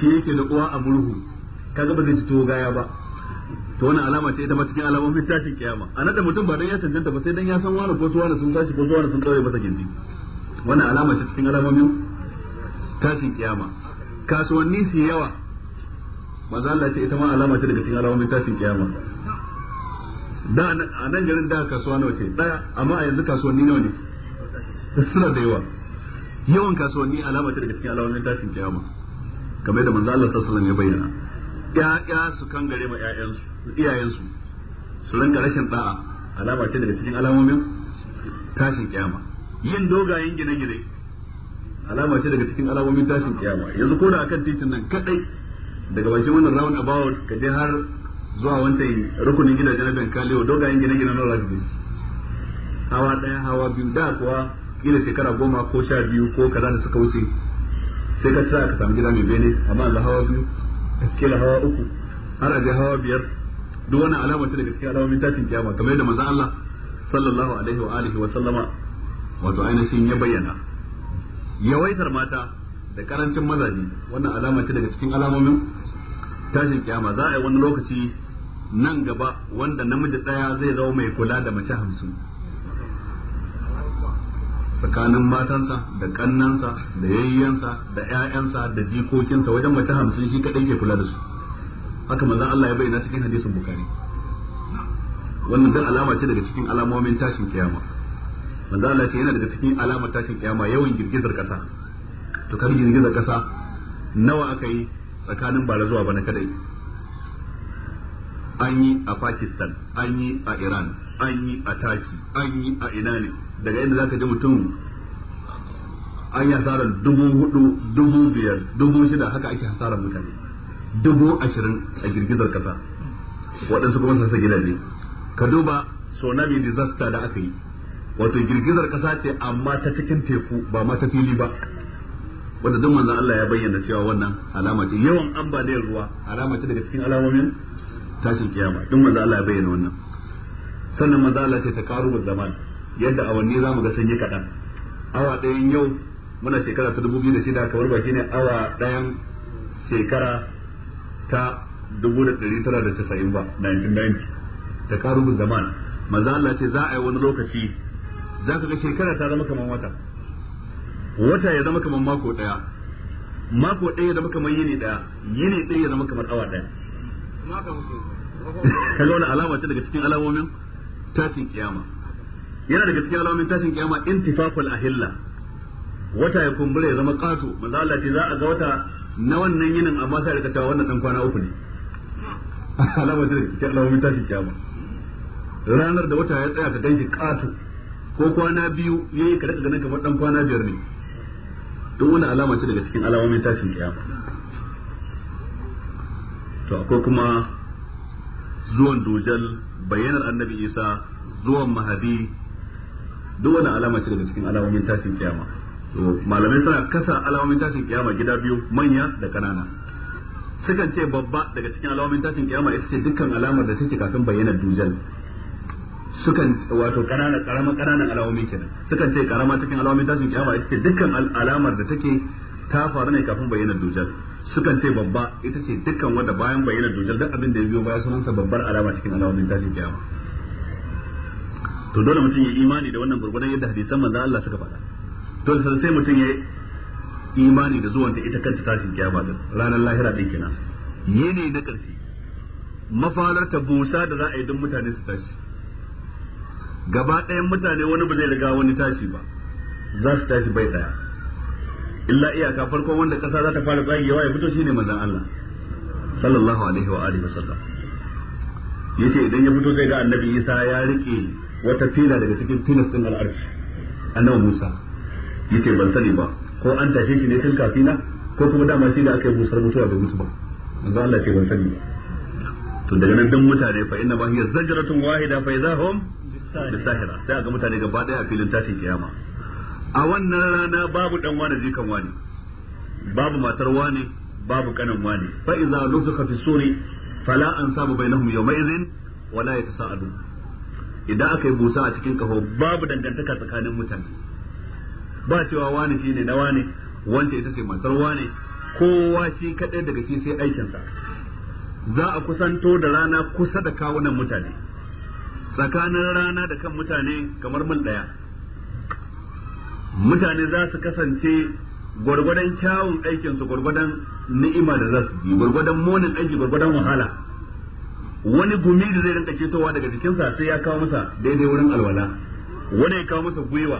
Speaker 1: shi yake da uwa a murhu kaga ba zai fito gaya ba to wannan alama ce ita ma cikin alamomin tashin kiyama a da mutum ba dan ya cancanta ba sai dan ya san wani ko wani sun tashi ko wani sun daure masa gindi wannan alama ce cikin alamomin tashin kiyama kasuwanni su yawa manzo Allah ce ita ma alama ce daga cikin alamomin tashin kiyama da a nan garin da kasuwa nawa ce daya amma a yanzu kasuwanni nawa ne suna da yawa yawan kasuwanni alama ce daga cikin alamomin tashin kiyama kamar da manzo Allah sallallahu alaihi ya bayyana ƴaƴa su kan gare ma ƴaƴansu iyayensu su ranka rashin da'a alama ce daga cikin alamomin tashin kiyama yin dogayen gine-gine alama ce daga cikin alamomin tashin kiyama yanzu ko da akan titin nan kadai daga bakin wannan round about ka je har zuwa wancan rukunin gidajen rabin kaliyo dogayen gine-gine na rugby hawa daya hawa biyu da kuwa kila shekara goma ko sha biyu ko kaza da suka wuce sai ka tsaya ka samu gida mai bene amma da hawa biyu kila hawa uku har a je hawa biyar duk wani alama ce daga cikin alamomin tashin kiyama kamar yadda maza Allah sallallahu alaihi wa alihi wa sallama wato ainihin ya bayyana yawaitar mata da karancin mazaje wannan alama ce daga cikin alamomin tashin kiyama za a yi wani lokaci nan gaba wanda namiji daya zai zama mai kula da mace hamsin tsakanin matansa da kannansa da yayyansa da ƴaƴansa da jikokinsa wajen mace hamsin shi kadai ke kula da su haka manzon Allah ya bayyana cikin hadisin bukari wannan dan alama ce daga cikin alamomin tashin kiyama manzon Allah ce yana daga cikin alamar tashin kiyama yawan girgizar kasa to kan girgizar kasa nawa aka yi tsakanin bara zuwa bana kadai an yi a Pakistan an yi a Iran an yi a Taki an yi a ina ne daga inda zaka ji mutum an yi hasarar dubu hudu dubu biyar dubu shida haka ake hasarar mutane dubu ashirin a girgizar kasa waɗansu kuma sassa gidaje ka duba tsunami disaster da aka yi wato girgizar kasa ce amma ta cikin teku ba ma ta fili ba wanda duk manzon Allah ya bayyana cewa wannan alama ce yawan ambaliyar ruwa alama ce daga cikin alamomin tashin kiyama duk manzon Allah ya bayyana wannan sannan manzon Allah ce ta karu zaman yadda awanni zamu ga sanyi kaɗan awa ɗayan yau muna shekara ta dubu biyu da shida kamar ba shine awa ɗayan shekara ta dubu da ɗari tara da casa'in ba 1990 da karubun zaman maza Allah ce za a yi wani lokaci za ka ga shekara ta zama kamar wata wata ya zama kamar mako ɗaya mako ɗaya ya zama kamar yini ɗaya yini ɗaya ya zama kamar awa ɗaya
Speaker 2: *laughs* kaga wani
Speaker 1: alama ce daga cikin alamomin tashin kiyama yana daga cikin alamomin tashin kiyama intifaful ahilla wata ya kumbura ya zama kato manzo Allah ce za a ga wata na wannan yinin amma sai ka cewa wannan dan kwana uku ne *laughs* alamar da cikin alamomin tashin kiyama ranar da wata ya tsaya ka ganshi kato ko kwana biyu yayi ka daga ganin kamar dan kwana biyar ne duk wani alama ce daga cikin alamomin tashin kiyama to akwai kuma zuwan dujal bayyanar annabi isa zuwan mahadi duk wani alama ce daga cikin alamomin tashin kiyama to malamai suna kasa alamomin tashin kiyama gida biyu manya da kanana sukan ce babba daga cikin alamomin tashin kiyama ita ce dukkan alamar da take kafin bayyanar dujal sukan wato kanana karama kananan alamomi kenan sukan ce karama cikin alamomin tashin kiyama ita ce dukkan alamar da take ta faru ne kafin bayyanar dujal sukan ce babba ita ce dukkan wanda bayan bayyanar dujal duk abin da ya biyo baya sunansa babbar alama cikin alamomin tashin kiyama to dole mutum ya imani da wannan gurgudan yadda hadisan manzon Allah suka faɗa to sai sai mutum ya imani da zuwanta ita kanta tashin kiyama din ranar lahira din kenan yini na ƙarshe mafarar ta busa da za a yi don mutane su tashi gaba ɗayan mutane wani ba zai riga wani tashi ba za su tashi bai ɗaya illa iyaka farkon wanda ƙasa za ta fara tsagewa ya fito shine manzon Allah sallallahu alaihi wa alihi wasallam yace idan ya fito sai ga annabi Isa ya rike wata fila daga cikin tunas din al'arshi annabi Musa yace ban sani ba ko an tashe shi ne tun kafina ko kuma dama shi da aka yi musar mutuwa bai mutu ba manzo Allah ce ban sani ba to daga nan dan mutane fa inna ma hiya zajratun wahida fa idahum bisahira sai ga mutane gaba daya a filin tashin kiyama a wannan rana babu dan wani jikan wani babu matar wani babu kanan wani fa idza nufiqa fi suri fala ansabu bainahum yawma idhin wala yatasaalu idan aka yi busa a cikin kaho babu dangantaka tsakanin mutane ba cewa wani shine na wani wancan ita ce matar wani kowa shi kadai daga shi sai aikinsa za a kusanto da rana kusa da kawunan mutane tsakanin rana da kan mutane kamar mil ɗaya mutane za su kasance gwargwadon kyawun aikinsu gwargwadon ni'ima da za su yi gwargwadon monin aiki gwargwadon wahala wani gumi da zai rinka cetowa daga jikinsa sai ya kawo masa daidai wurin alwala wani ya kawo masa gwiwa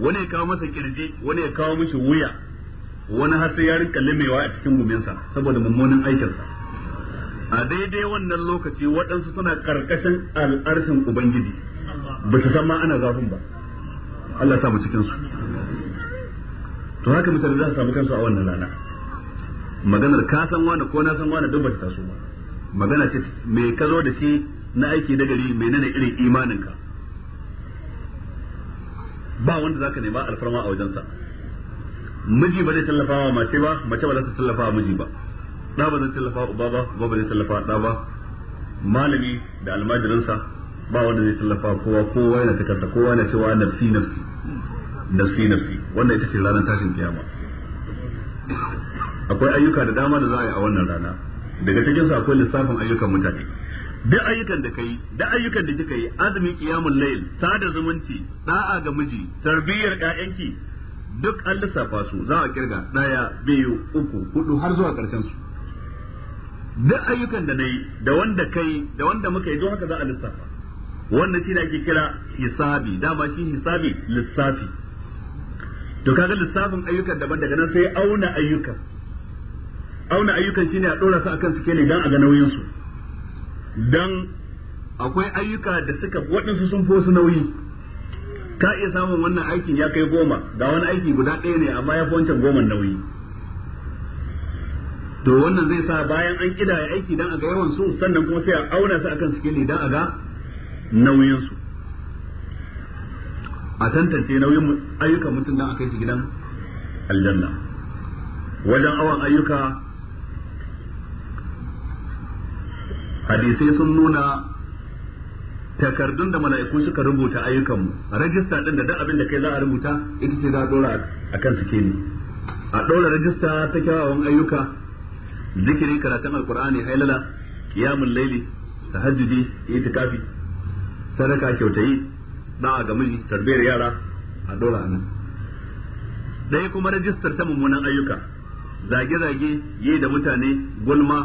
Speaker 1: wani ya kawo masa kirji wani ya kawo mishi wuya wani har sai ya rinka limewa a cikin guminsa saboda mummunan aikinsa a daidai wannan lokaci waɗansu suna karkashin al'arshin ubangiji ba su san ma ana zafin ba Allah ya samu cikin su to haka mutane za su samu kansu a wannan rana maganar ka san wani ko na san wani duk ba ta taso ba magana ce me ka zo da shi na aiki da gari nana irin imaninka ba wanda za ka nema alfarma a wajensa miji ba zai tallafa wa mace ba mace ba za ta tallafa wa miji ba da ba zai tallafa uba ba uba ba zai tallafa ɗa ba malami da almajirinsa ba wanda zai tallafa kowa kowa yana karta, kowa yana cewa nafsi nafsi nafsi nafsi wannan ita ce ranar tashin kiyama akwai ayyuka da dama da za a yi a wannan rana daga cikin su akwai lissafin ayyukan mutane duk ayyukan da kai duk ayyukan da kika yi azumi qiyamul layl sada zumunci da'a ga miji tarbiyyar ƴaƴanki duk an lissafa su za a kirga daya biyu uku hudu har zuwa karshen su duk ayyukan da nayi da wanda kai da wanda muka yi don haka za a lissafa wannan shi ne ake kira hisabi dama shi hisabi lissafi to kaga lissafin ayyukan daban daga nan sai auna ayyukan auna ayyukan shine a dora su akan su kene dan a ga nauyin su dan akwai ayyuka da suka waɗansu sun fi wasu nauyi ka iya samun wannan aikin ya kai goma ga wani aiki guda ɗaya ne amma ya fi wancan goma nauyi to wannan zai sa bayan an ya aiki dan a ga yawan su sannan kuma sai a auna su akan kene dan a ga nauyin su a tantance nauyin ayyukan mutum dan a kai shi gidan aljanna wajen awon ayyuka hadisai sun nuna takardun da mala'iku suka rubuta ayyukanmu rajista din da duk abin da kai za a rubuta ita ce za a dora a kan suke ne a dora rajista ta kyawawan ayyuka zikiri karatun alkur'ani hailala Kiyamun laili tahajjudi itikafi sadaka kyautayi da'a a gamin tarbiyar yara a dora nan ɗaya kuma rajistar ta mummunan ayyuka zage-zage yi da mutane gulma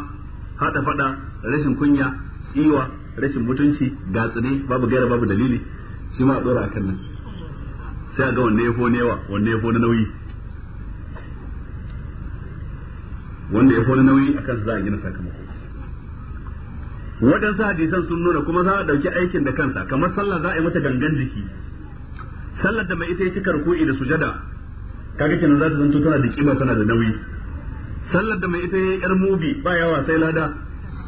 Speaker 1: hada faɗa. rashin kunya tsiwa rashin mutunci gatsune babu gaira babu dalili shi ma a dora akan nan sai a ga wanne ya fone yawa wanne ya fone nauyi wanda ya fone nauyi akan za a gina sakamako waɗansu hadisan sun nuna kuma za a ɗauki aikin da kansa kamar sallah za a yi mata gangan jiki sallar da mai ita ya ci ruku'i da sujada kaga kenan za ta zanto tana da kima tana da nauyi sallar da mai ita ya yar mubi ba yawa sai lada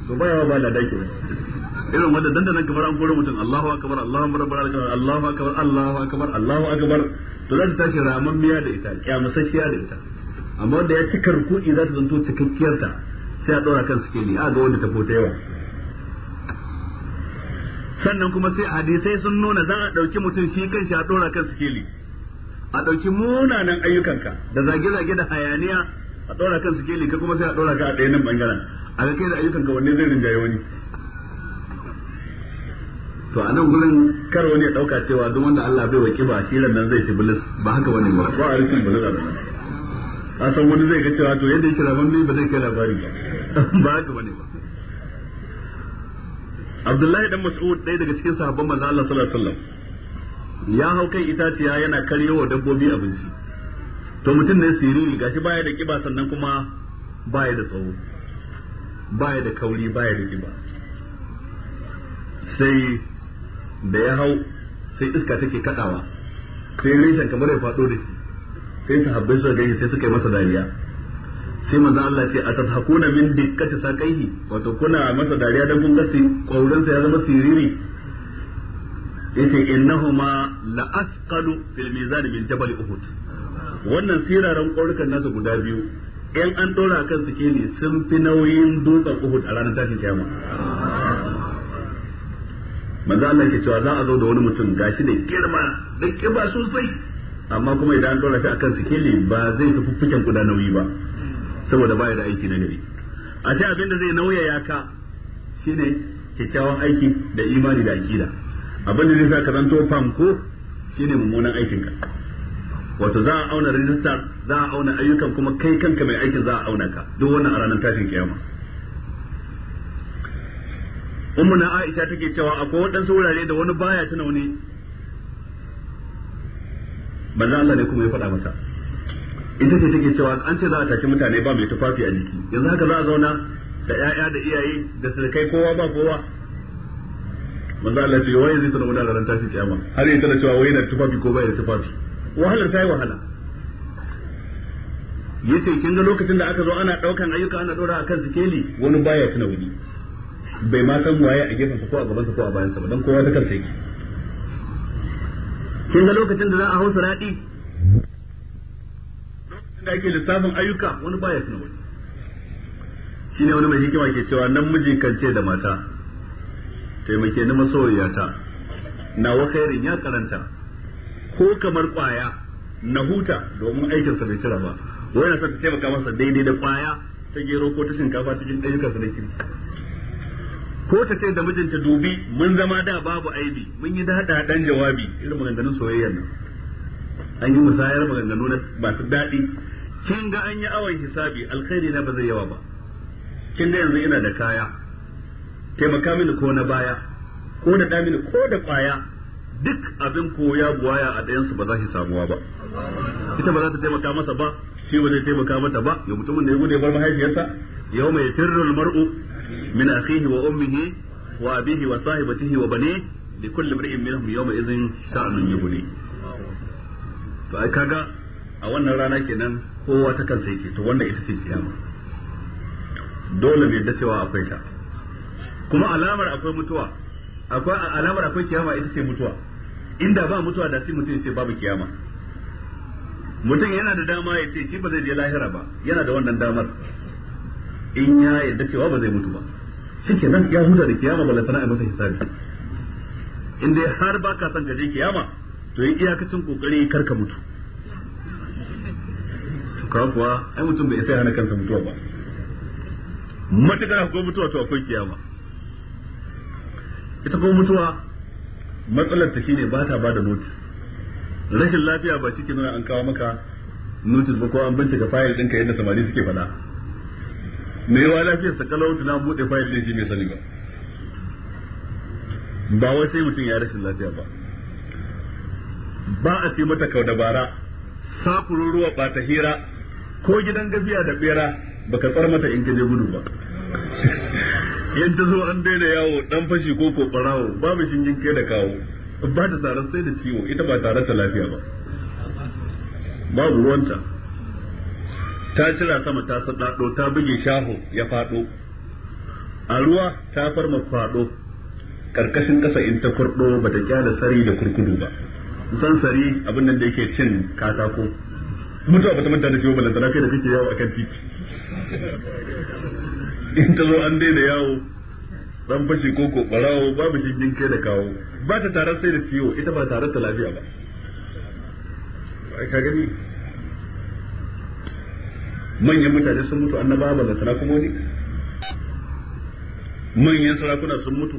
Speaker 1: to ba yawa ba ladan ke irin wanda dandanan kamar an kore mutum Allahu akbar Allahu akbar Allahu akbar Allahu akbar Allahu akbar to za ta tashi miya da ita kyamusasshiya da ita amma wanda ya cika ruku'i za ta zanto cikakkiyar ta sai a dora kan sikeli a ga wanda ta fota yawa sannan kuma sai hadisai sun nuna za a ɗauki mutum shi kan shi a dora kan sikeli a ɗauki munanan ayyukanka da zage-zage da hayaniya a ɗora kan sikeli ka kuma sai a ɗora ka a ɗayanin nan bangaren a ga kai da ayyukan ka wanne zai rinjaye wani to a nan gurin kar wani ya dauka cewa duk wanda Allah bai wa kiba shirin nan zai ci bilis ba haka wani ba ba a rikin bilis a a san wani zai ga cewa to yadda yake labarin ne ba zai kai labari ba *laughs* haka wani ba Abdullahi dan Mas'ud ɗaya daga cikin sahabban manzo Allah sallallahu alaihi wasallam ya hau kai itaciya yana wa dabbobi abinci to mutum ne siriri gashi baya da kiba sannan kuma baya da tsawo baya da kauri baya da riba sai da ya hau sai iska take kadawa sai reshen kamar ya fado da shi sai ta habbai suka gani sai suka yi masa dariya sai manzo Allah ce a tadhakuna min dikkati saqaihi wato kuna masa dariya dan kun gasi kaurin sa ya zama siriri yace innahuma la asqalu fil mizan min jabal uhud wannan siraran kaurukan nasa guda biyu in an dora kan suke ne sun fi nauyin dutsen Uhud a ranar tashin kyamu manzo Allah ke cewa za a zo da wani mutum gashi da girma da kiba sosai amma kuma idan an dora shi akan ne ba zai fi fuffuken kuda nauyi ba saboda baya da aiki na gari a ce abinda zai ya ka shine kyakkyawan aiki da imani da akida abinda zai sa ka zanto famko shine mummunan aikinka wato za a auna rijistar za a auna ayyukan kuma kai kanka mai aikin za a auna ka duk wannan a ranar tashin kiyama ummu na Aisha take cewa akwai waɗansu wurare da wani baya tuna wani manzo Allah ne kuma ya faɗa masa ita ce take cewa an ce za a tashi mutane ba mai tufafi a jiki yanzu haka za a zauna da ƴaƴa da iyaye da sirkai kowa ba kowa manzo Allah ce wai zai tuna wani ranar tashin kiyama har yanzu tana cewa wai yana tufafi ko bai da tufafi wahalar ta yi wahala yace kin ga lokacin da aka zo ana daukan ayyuka ana dora kan sikeli wani baya tuna wani bai ma san waye a gefen ko a gabansa ko a bayansa ba dan kowa da kansa yake kin ga lokacin
Speaker 2: da za a hau sirati
Speaker 1: lokacin da ake lissafin ayyuka wani baya tuna Shi shine wani mai hikima ke cewa nan miji kan ce da mata taimake ni masoyiyata nawa khairin ya karanta ko kamar kwaya na huta domin aikinsa bai cira ba wani son ta taimaka masa daidai da kwaya ta gero ko ta shinkafa cikin ayyukan su na ko ta ce da mijinta dubi mun zama da babu aibi mun yi daɗa dan jawabi irin maganganun soyayya nan an yi musayar maganganu na masu daɗi kin ga an yi awon hisabi alkhairi na ba zai yawa ba kin ga yanzu ina da kaya taimaka mini ko na baya ko da damini ko da kwaya duk abin koya buwaya a dayansu ba za shi samuwa ba ita ba za ta taimaka masa ba shi ba zai taimaka mata ba ya mutumin da ya gude bar mahaifiyarsa yau mai tirrul mar'u min akhihi wa ummihi wa abihi wa sahibatihi wa bani li kulli mar'in minhum yawma idhin sha'nun yughni to ai kaga a wannan rana kenan kowa ta kansa yake to wannan ita ce kiyama dole ne da cewa akwai ta kuma alamar akwai mutuwa akwai alamar akwai kiyama ita ce mutuwa inda ba mutuwa da sai mutum ce babu kiyama mutum yana da dama ya ce shi ba zai je lahira ba yana da wannan damar in ya yarda cewa ba zai mutu ba shi nan ya huta da kiyama ba lantana a masa hisabi Inda har ba ka son gaje kiyama to yi iyakacin kokari kar ka mutu ka kuwa ai mutum bai sai hana kansa mutuwa ba matukar akwai mutuwa to akwai kiyama ita kuma mutuwa matsalar ta shine ba ta ba da notis rashin lafiya ba shi ke nuna an kawo maka notis ba ko an bincika fayil ɗinka yadda samari suke faɗa me yawa lafiyar sa kalau tuna buɗe fayil ɗin shi mai sani ba ba wai sai mutum ya rashin lafiya ba ba a ce mata kau dabara safurin ruwa ba ta hira ko gidan gafiya da bera baka tsar mata in ka je gudu ba Yan ta zo an daina yawo dan fashi ko ko barawo babu shingin kai da kawo ba ta tsarar sai da ciwo ita ba tare ta lafiya ba babu ruwanta ta cira sama ta sadado ta buge shaho ya fado a ruwa ta farma fado karkashin kasa in ta ba ta kyala sari da kurkudu ba san sari abin nan da yake cin katako mutuwa bata manta da shi ba da da kake yawo akan titi in ta zo an daina yawo ran fashi ko ko barawo babu shi jinke da kawo ba ta tare sai da ciwo ita ba tare ta lafiya ba ai ka gani manyan mutane sun mutu annaba ba da tana kuma ne manyan sarakuna sun mutu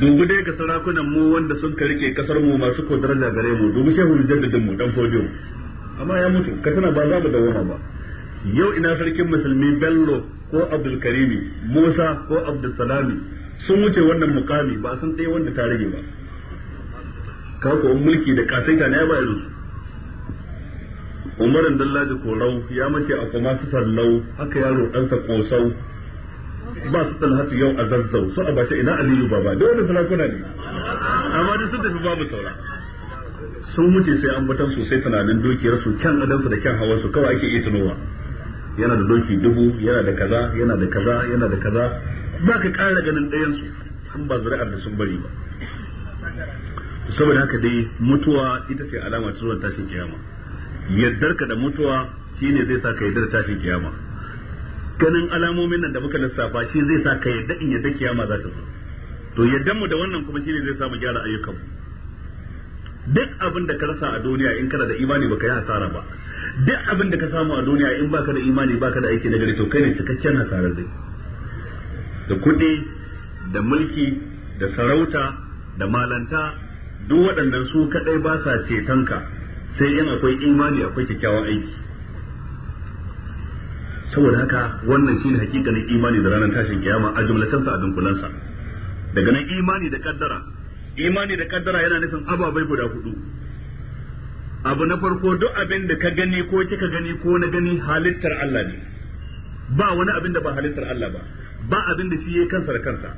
Speaker 1: dubu dai ga sarakunan mu wanda sun ka rike kasar mu masu ko daraja gare mu dubu shehu jaddadin mu dan fodiyo amma ya mutu ka tana ba za mu dawoma ba yau ina sarkin musulmi bello ko abdul karimi musa ko abdul salami sun wuce wannan mukami ba sun tsaye wanda ta rage ba ka ko mulki da kasaita ne ba irin umarin dallaji korau ya mace a kuma su sallau haka yaro ɗansa kosau ba su talhatu yau a zazzau su a bace ina aliyu ba ba da wani sarakuna ne
Speaker 2: amma da sun tafi babu saura
Speaker 1: sun wuce sai an batan sosai tunanin dukiyarsu kyan adansu da kyan hawansu kawai ake iya tunowa yana da doki dubu yana da kaza yana da kaza yana da kaza ba ka ƙara ganin ɗayan su sun ba zuri'ar da sun bari ba saboda haka dai mutuwa ita ce alama ta zuwa tashin kiyama ka da mutuwa shine zai sa ka yaddar tashin kiyama ganin alamomin nan da muka lissafa shi zai sa ka yadda in yadda kiyama za ta zo to yaddan mu da wannan kuma shine zai sa mu gyara ayyukan mu duk abin da ka rasa a duniya in kana da imani baka yi hasara ba duk abin da ka samu a duniya in baka da imani baka da aiki nagari to kai ne cikakken hasarar zai da kuɗi da mulki da sarauta da malanta duk waɗannan su kaɗai ba sa ka sai in akwai imani akwai kyakkyawan aiki saboda haka wannan shine hakikanin imani da ranar tashin kiyama a jumlatansa a dunkulansa daga nan imani da kaddara imani da kaddara yana nufin ababai guda hudu abu na farko duk abin da ka gani ko kika gani ko na gani halittar Allah ne ba wani abin da ba halittar Allah ba ba abin da shi yake kansa da kansa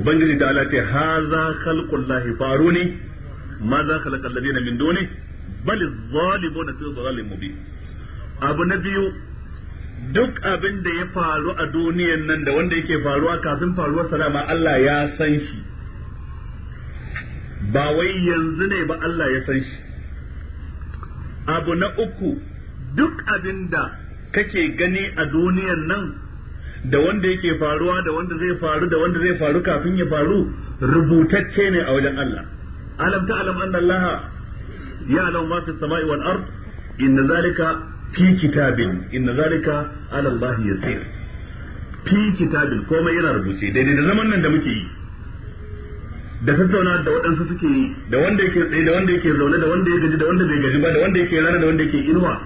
Speaker 1: ubangiji da Allah ce haza khalqullahi faruni ma za khalaqal ladina min duni bal zalimuna fi dhalalin mubin abu na biyu duk abin da ya faru a duniyan nan da wanda yake faruwa kafin faruwar salama Allah ya san shi ba wai yanzu ne ba Allah ya san shi abu na uku duk abin da kake gani a duniyan nan da wanda yake faruwa da wanda zai faru da wanda zai faru kafin ya faru rubutacce ne a wajen Allah alam ta alam anna Allah ya alam ma fi samai wal ard inna zalika fi kitabin inna zalika ala Allah yasir fi kitabin komai yana rubuce daidai da zaman nan da muke yi da tattauna da waɗansu suke yi da wanda yake tsaye da wanda yake zaune da wanda ya gaji da wanda bai gaji ba da wanda yake rana da wanda yake inuwa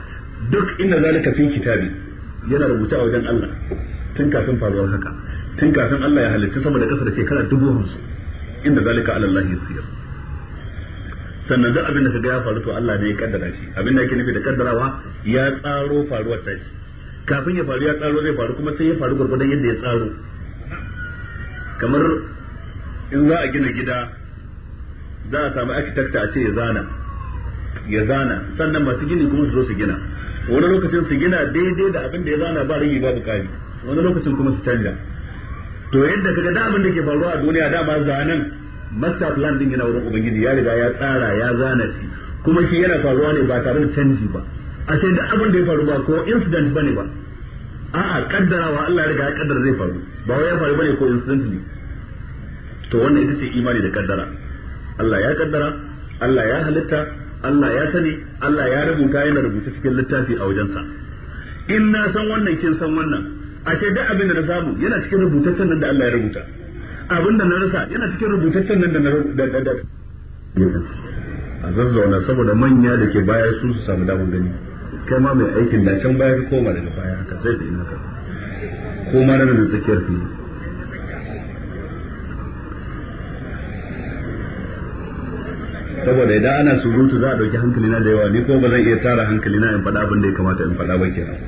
Speaker 1: duk inna zalika fi kitabi yana rubuta a wajen Allah tun kafin faruwar haka tun kafin Allah ya halitta sama da ƙasa da shekara dubu hamsin inda zalika ala Allah yasir sannan duk abin da kaga ya faru to Allah ne ya kaddara shi abin da yake nufi da kaddarawa ya tsaro faruwar shi kafin ya faru ya tsaro zai faru kuma sai ya faru gurgurdan yadda ya tsaro kamar in za a gina gida za a samu architect a ce ya zana ya zana sannan masu gini kuma su zo su gina wani lokacin su gina daidai da abin da ya zana ba rigi babu kari wani lokacin kuma su canja to yadda kaga da abin da ke faruwa a duniya dama zanen master plan din gina wurin ubangiji ya riga ya tsara ya zana shi kuma shi yana faruwa ne ba tare da canji ba a sai da abin da ya faru ba ko incident bane ba a'a kaddarawa Allah ya riga ya kaddara zai faru ba wai ya faru bane ko incident ne to wannan ita ce imani da kaddara Allah ya kaddara Allah ya halitta Allah ya sani Allah ya rubuta yana rubuta cikin littafi a wajensa in na san wannan kin san wannan ce duk abin da na samu yana cikin rubutaccen nan da Allah ya rubuta abin da na rasa yana cikin rubutaccen nan da na da a zazzauna saboda manya da ke baya su su samu damar gani kai ma mai aikin da can baya ka koma daga baya haka sai da ina ka koma na da tsakiyar fili saboda idan ana surutu za a dauki na da yawa ni ko ba zan iya tara hankali na in faɗa abin da ya kamata in faɗa ba kenan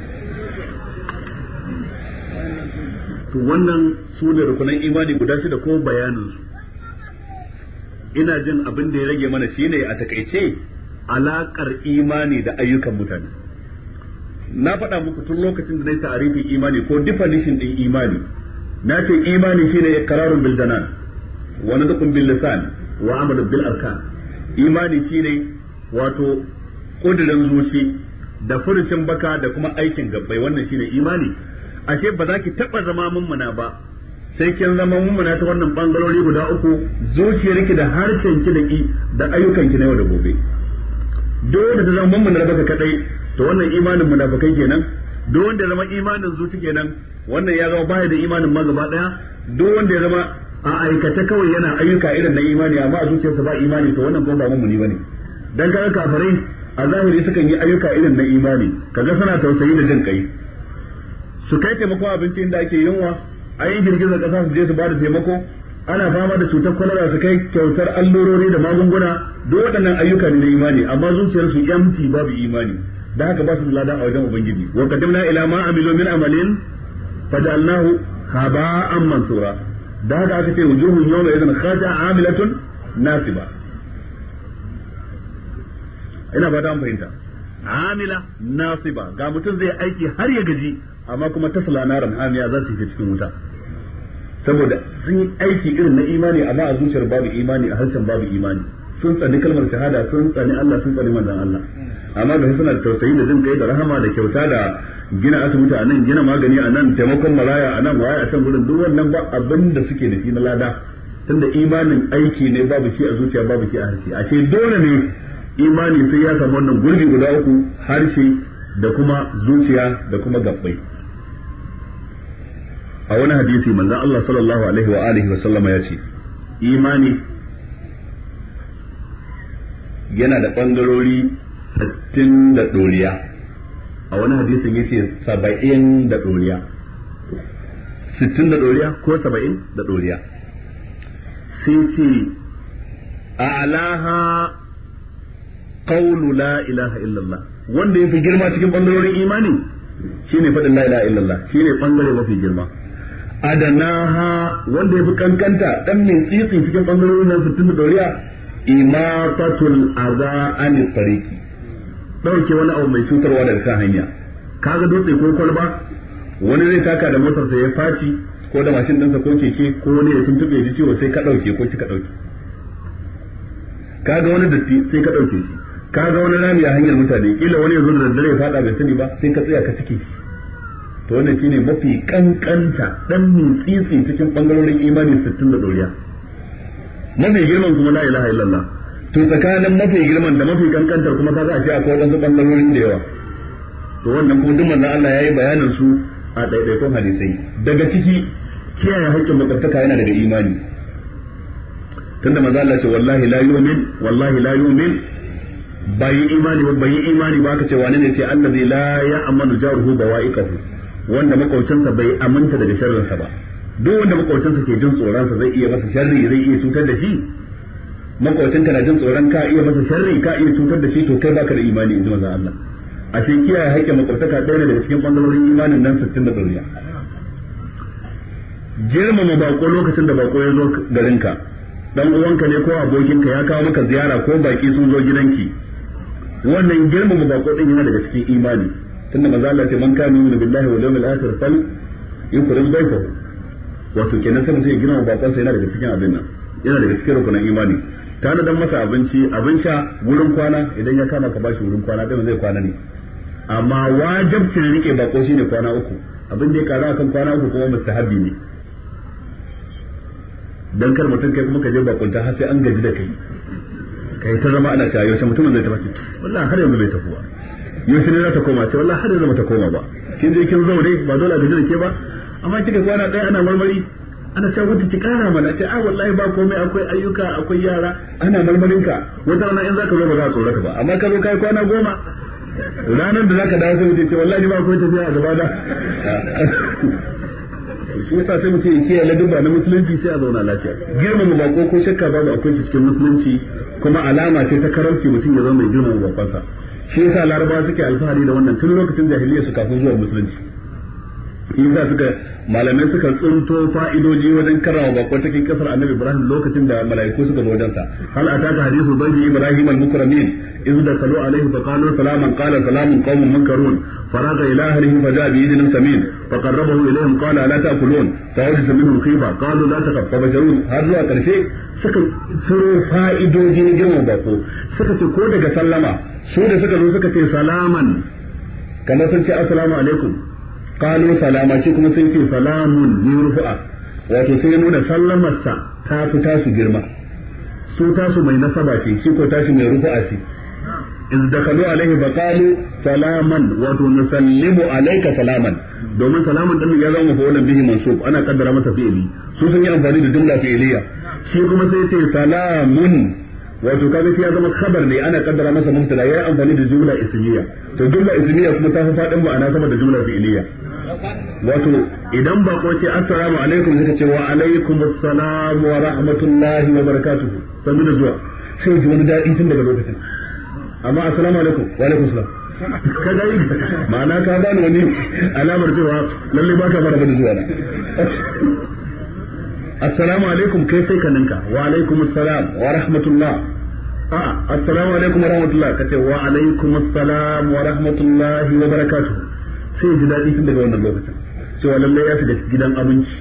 Speaker 1: to wannan su ne rukunan imani guda shida ko bayanin su ina jin abin da ya rage mana shine a takaice alakar imani da ayyukan mutane na faɗa muku tun lokacin da na yi ta'arifin imani ko definition din imani na ce imani shine iqrarun bil janan wa nadqun bil lisan wa amalun bil arkan imani shine wato kudirin zuci da furucin baka da kuma aikin gabbai wannan shine imani ashe ba za ki taba zama mummuna ba sai kin zama mummuna ta wannan bangarori guda uku zuciyarki da harshen ki da ki da ayyukan ki na yau da gobe duk da ta zama mummuna baka kadai to wannan imanin munafikai kenan duk wanda ya zama imanin zuci kenan wannan ya zama baya da imanin ma gaba daya duk wanda ya zama a aikata kawai yana ayyuka irin na imani amma a zuciyarsa ba imani to wannan kuma ba mummuni bane dan kaga kafirai a zahiri sukan yi ayyuka irin na imani kaga suna tausayi da jin kai su kai taimakon abinci inda ake yunwa a yi girgizar kasa su je su ba da taimako ana fama da cutar kwalara su kai kyautar allurori da magunguna duk waɗannan ayyuka ne na imani amma zuciyarsu yamti babu imani da haka ba su lada a wajen ubangiji wa qaddamna ila ma amilu min amalin fajalnahu haba'an mansura da haka aka ce wujuhun yawma idan khaja amilatun nasiba ina ba an fahimta amila nasiba ga mutum zai aiki har ya gaji amma kuma tasla naran hamiya za su yi cikin wuta saboda sun yi aiki irin na imani amma a zuciyar babu imani a harshen babu imani sun tsani kalmar shahada sun tsani Allah sun tsani manzon Allah amma ga suna da tausayi da zin kai da rahama da kyauta da gina asibiti a nan gina magani a nan taimakon maraya a nan waya a can wurin, duk wannan ba abin suke da shi na lada tunda imanin aiki ne babu shi a zuciya babu shi a harshe a ce dole ne imani sai ya samu wannan gurbi guda uku harshe da kuma zuciya da kuma gabbai a wani hadisi manzon Allah sallallahu alaihi wa alihi wa sallama ya ce imani yana da bangarori 60 da doriya a wani hadisin ce saba'in da ɗoriya, sittin da ɗoriya ko saba'in da ɗoriya. sai ce a'laha ƙaunu la ilaha illallah wanda ya fi girma cikin ɓangarorin imani shine faɗin la ilaha illallah shine bangare mafi girma adanaha wanda ya fi kankanta ɗan mai tsitsi cikin ɓangarorin nan sittin da ɗoriya, imatatul adha anil tariqi ɗauke wani abu mai cutarwa daga kan hanya kaga dutse ko kwalba wani zai taka da sa ya faci ko da mashin ɗinsa ko keke ko wani ya tuntuɓe ji ciwo sai ka ɗauke ko kika ɗauke kaga wani datti sai ka ɗauke shi kaga wani rami a hanyar mutane kila wani ya zo da daddare ya faɗa bai sani ba sai ka tsaya ka cike shi to wannan shine mafi kankanta dan tsitsi cikin bangarorin imani 60 da doriya na mai girman kuma la ilaha illallah to tsakanin mafi girman da mafi kankantar kuma za a ce akwai wadansu ɓangarorin da yawa to wannan kuma duk manzon Allah yayi bayanin su a ɗaiɗaikon hadisai daga ciki kiyaye haƙƙin makwabtaka yana daga imani tunda manzo Allah ce wallahi la yu'min wallahi la yu'min bai imani ba yi imani ba ka ce wani ne ce allazi la ya'manu jaruhu bawa'iqahu wanda makaucinsa bai aminta daga sharrinsa ba duk wanda makaucinsa ke jin tsoron sa zai iya masa sharri zai iya cutar da shi makwatin ka na jin tsoron ka iya masa sharri ka iya cutar da shi to kai baka da imani inji manzon Allah shi kiyaye haƙƙi makwabtaka ɗaya ne daga cikin bangarorin imanin nan sittin da ɗoriya girmama baƙo lokacin da baƙo ya zo ka dan uwanka ne ko abokinka ya kawo maka ziyara ko baki sun zo gidanki wannan girmama baƙo din yana daga cikin imani tunda manzo Allah ce man kana yu'minu billahi wal yawmil akhir fal yukrim dayfahu wato kenan sai mutum ya girmama bakon sa yana daga cikin abin nan yana daga cikin rukunin imani tana dan masa abinci abin sha wurin kwana idan ya kama ka bashi wurin kwana dan zai kwana ne amma ne rike bako shine kwana uku abin da ya kara kan kwana uku kuma mustahabi ne dan kar mutum kai kuma ka je ta har sai an gaji da kai kai ta zama ana tayo sai mutumin zai ta bace wallahi har yanzu bai tafi ba yaushe ne za ta koma ce wallahi har yanzu ba ta koma ba kin je kin zaure ba dole a gaji da ke ba amma kika kwana ɗaya ana marmari ana cewa wata ki kara mana ta a ah, wallahi ba komai akwai ayyuka akwai yara ana marmarin ka wata rana in zaka zo ba za a ka ba amma ka zo kai kwana goma ranar da zaka dawo sai mutum ce wallahi ba komai tafiya a gaba da shi yasa sai mutum ya yalla duba na musulunci sai a zauna lafiya mu bako ko shakka babu akwai shi cikin musulunci kuma alama ce ta karamci mutum ya zama mai girmama bakonsa shi yasa larabawa suke alfahari da wannan tun lokacin jahiliya su kafin zuwa musulunci yasa suka malamai suka tsunto fa'idoji wajen karama bako cikin kasar annabi ibrahim lokacin da malaiku suka zo wajensa hal ataka hadithu bayyi ibrahim al-mukramin idh dakalu alayhi fa salaman qala salamun munkarun har zuwa karshe suka tsuro fa'idoji na girman bako suka ce ko daga sallama da suka zo qalu salama shi kuma sun ce salamun ni rufu'a wato sai nuna sallamarsa ta fi tasu girma su tasu mai nasaba ce shi ko tashi mai rufu'a ce da dakalu alaihi ba Kalu salaman wato nusallimu alayka salaman domin salaman din ya zama fa'ulan bihi mansub ana kaddara masa fi'ili su sun yi amfani da jumla fi'iliya shi kuma sai ce salamun wato kaga shi ya zama khabar ne ana kaddara masa mubtada yayi amfani da jumla ismiya to jumla ismiya kuma ta fi fadin ma'ana sama da jumla fi'iliya wato idan ba ko ce assalamu alaikum suka ce wa alaikum assalam wa rahmatullahi wa barakatuh sannu da zuwa sai ji wani dadi tun daga lokacin amma assalamu alaikum wa alaikum salam ka dai ma'ana ka bani wani alamar cewa lalle baka fara da zuwa assalamu alaikum kai sai ka ninka wa alaikum assalam wa rahmatullah A'a, ah, assalamu alaikum wa rahmatullah ka ce wa alaikum assalam wa rahmatullahi wa barakatuh sai ji daɗi tun daga wannan lokacin Sai wa lallai ya shiga gidan abinci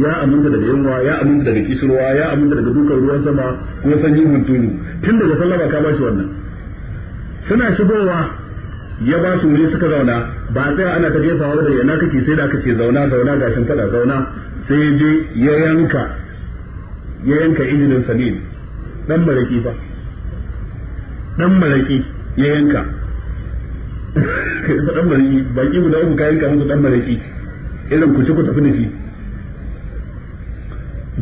Speaker 1: ya aminta daga yunwa ya aminta daga kishirwa ya aminta daga dukan ruwan sama ko sanyin hunturu tun daga sallama ka bashi wannan suna shigowa ya ba su wuri suka zauna ba sai ana ta jefawa da yana kake sai da aka zauna zauna gashin fada zauna sai je ya yanka ya yanka injinin salim dan maraki ba dan maraki ya yanka *laughs* dan maraki baki guda uku ka yanka musu dan maraki irin ku ci ku tafi da shi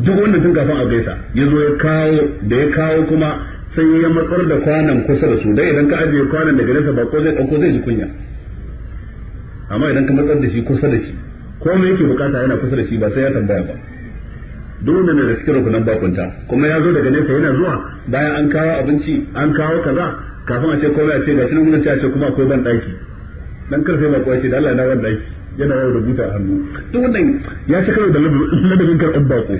Speaker 1: duk wanda tun kafin a gaisa ya zo ya kawo da ya kawo kuma sai ya matsar da kwanan kusa da su dai idan ka ajiye kwanan daga nesa ba ko zai ɗauko zai ji kunya amma idan ka matsar da shi kusa da shi ko me yake bukata yana kusa da shi ba sai ya tambaya ba dole ne da cikin rukunan bakunta kuma ya zo daga nesa yana zuwa bayan an kawo abinci an kawo kaza kafin a ce komai a ce gashi nan gudan a ce kuma akwai ban daki dan karfe ba kuwa ce da Allah na ban daki yana yau rubuta a hannu duk wannan ya ci karo da ladabin karɓar bako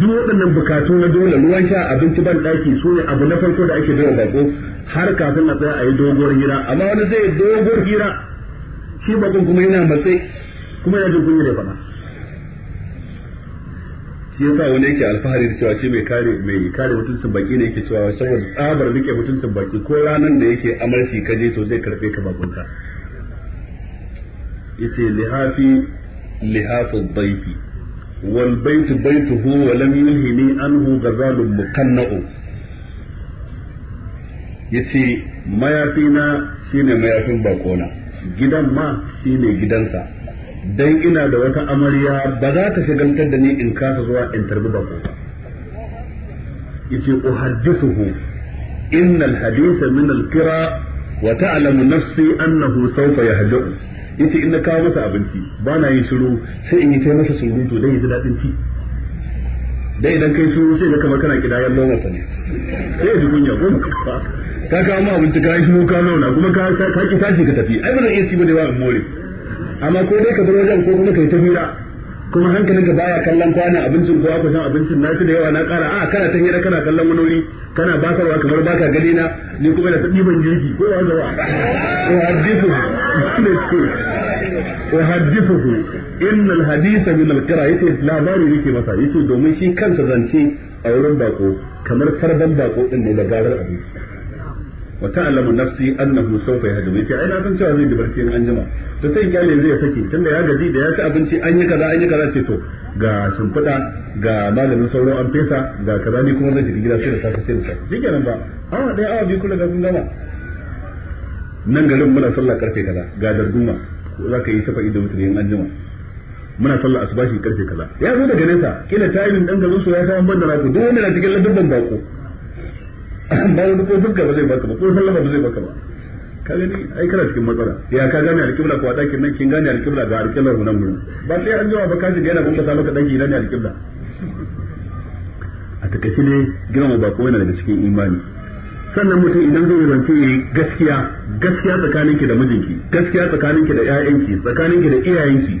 Speaker 1: duk waɗannan bukatu na dole ruwan sha abinci ban daki su ne abu na farko da ake bai bako har kafin a tsaya a yi doguwar hira amma wani zai doguwar hira shi bakon kuma yana matsayi kuma ya ji kunya da fada shi yasa wani yake alfahari da cewa shi mai kare mai mutuncin baki ne yake cewa saboda tsabar rike mutuncin baki ko ranan da yake amarci ka je to zai karfe ka bakunta yace lihafi lihafu dhaifi wal baytu baytuhu wa lam yulhini anhu ghazalun mukanna'u yace mayafina na shine mayafin bakona gidan ma shine gidansa dan ina da wata amarya ba za ta shagaltar da ni in kasa zuwa in tarbi ba ba yace uhaddithuhu innal haditha min al-qira wa ta'lamu nafsi annahu sawfa yahdu yace in na kawo masa abinci ba na yin shiru sai in yi ta masa surutu dan ji dadin ci dai idan kai shiru sai ga kamar kana kidayar lomar sa ne sai ya ji kunya ko ka kawo ma abinci ka yi shiru ka launa kuma ka ka ki tashi ka tafi ai ba zan iya ci ba da ba mu more amma ko dai ka bar wajen ko kuma kai ta hira kuma hankalin ka baya kallon kwana abincin ko aka san abincin na da yawa na kara a kana ta hira kana kallon wani kana basarwa kamar baka gani na ni kuma da ban jirgi ko wa zawa ko hadithu ko hadithu inna al haditha min al qira yace labari yake masa yace domin shi kansa zance a wurin bako kamar farban bako din ne da garar abinci wa ta'lamu nafsi annahu sawfa yahdu yace ai na san cewa zai dubarci an jama'a to sai kyale zai saki tunda ya gaji da ya ci abinci an yi kaza an yi kaza ce to ga shimfiɗa ga malamin sauro an fesa ga kaza ni kuma zai shiga gida sai da sake sai da safe shi kenan ba awa ɗaya awa biyu kula da kun gama nan garin muna sallah karfe kaza ga darduma za ka yi safa da mutum yin anjima muna sallah asuba shi karfe kaza ya zo daga nesa kila tayin dan garin su ya sa ban da naku duk wanda na cikin ladabban bako ba wani ko fuska ba zai baka ba ko sallama ba zai baka ba ka gani ai kana cikin matsala ya ka gane alƙibla ko dakin nan kin gane alƙibla ga alƙibla nan gurin ba sai an jawa ba ka shiga yana kuma sa maka daki ne alƙibla a takaice ne girma ba kuma yana daga cikin imani sannan mutum idan zai zance yi gaskiya gaskiya tsakaninki da mijinki gaskiya tsakaninki da ƴaƴanki tsakaninki da iyayenki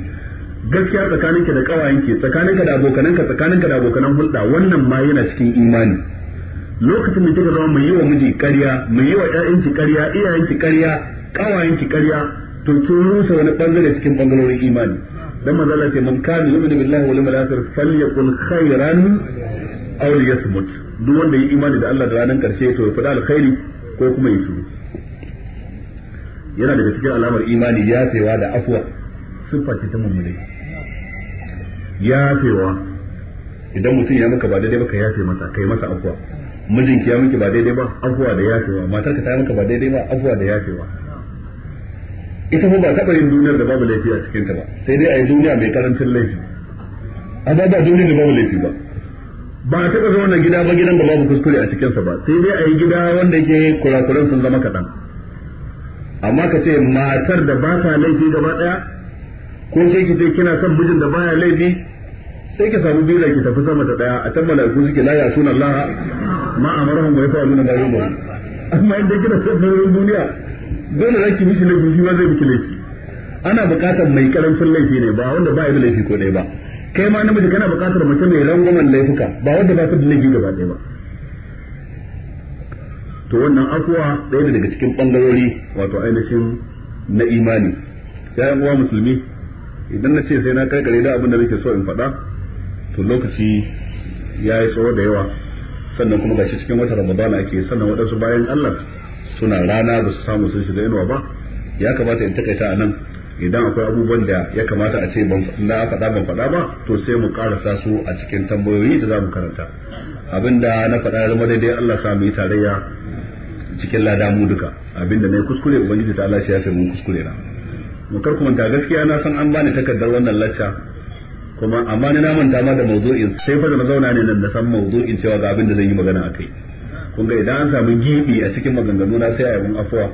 Speaker 1: gaskiya tsakaninki da ƙawayenki tsakaninka da abokananka tsakaninka da abokanan hulɗa wannan ma yana cikin imani lokacin da kika zama mai yi wa miji ƙarya mai yi wa ƴaƴanki ƙarya iyayenki ƙarya ƙawayenki ƙarya to kin rusa wani bangare cikin bangarorin imani dan manzo Allah ce man kana yu'minu billahi wal yawmil akhir falyakun khairan aw liyasmut duk wanda ya imani da Allah da ranan karshe to ya fada alkhairi ko kuma ya shiru yana daga cikin alamar imani ya fewa da afwa siffa ce ta mummunai ya fewa idan mutum ya maka ba daidai baka yafe masa kai masa afwa mijinki ya miki ba daidai ba afuwa da yafewa matarka ta maka ba daidai ba afuwa da yafewa ita kuma ba taɓa yin duniyar da babu laifi a cikinta ba sai dai a yi duniya mai karancin laifi amma ba duniyar da babu laifi ba ba a taɓa zama gida ba gidan da babu kuskure a cikinsa ba sai dai a yi gida wanda yake kurakuran sun zama kaɗan amma ka ce matar da ba ta laifi gaba ɗaya ko sai ki ce kina son mijin da baya laifi sai ki samu biyu ki tafi sama ta ɗaya a tabbala ku suke la ya sunan laha
Speaker 2: ma amarahum wa yafaluna ma yu'marun
Speaker 1: amma in dai kina son nauyin duniya dole zaki mishi laifi shi ma zai miki laifi ana buƙatar mai karancin laifi ne ba wanda ba ya da laifi ko dai ba kai ma namiji kana buƙatar mace mai rangwamen laifuka ba wanda ba su da laifi gaba ɗaya ba to wannan afuwa ɗaya ne daga cikin ɓangarori wato ainihin na imani yayan uwa musulmi idan na ce sai na kai da abin da nake so in faɗa to lokaci ya yi tsawo da yawa sannan kuma gashi cikin wata ramadan ake sannan waɗansu bayan Allah suna rana ba su samu sun shiga inuwa ba ya kamata in takaita a nan idan akwai abubuwan da ya kamata a ce na faɗa ban faɗa ba to sai mu karasa su a cikin tambayoyi da za mu karanta abinda na faɗa ya zama daidai Allah sa mu yi tarayya cikin lada mu duka abinda na yi kuskure ubangiji ta Allah shi ya mun kuskure na mu kar kuma gaskiya na san an bani takardar wannan lacca kuma amma ni na manta ma da mawdu'in sai fa da zauna ne nan da san mawdu'in cewa ga abin da zan yi magana akai kun ga idan an samu gibi a cikin maganganu na sai a yi afuwa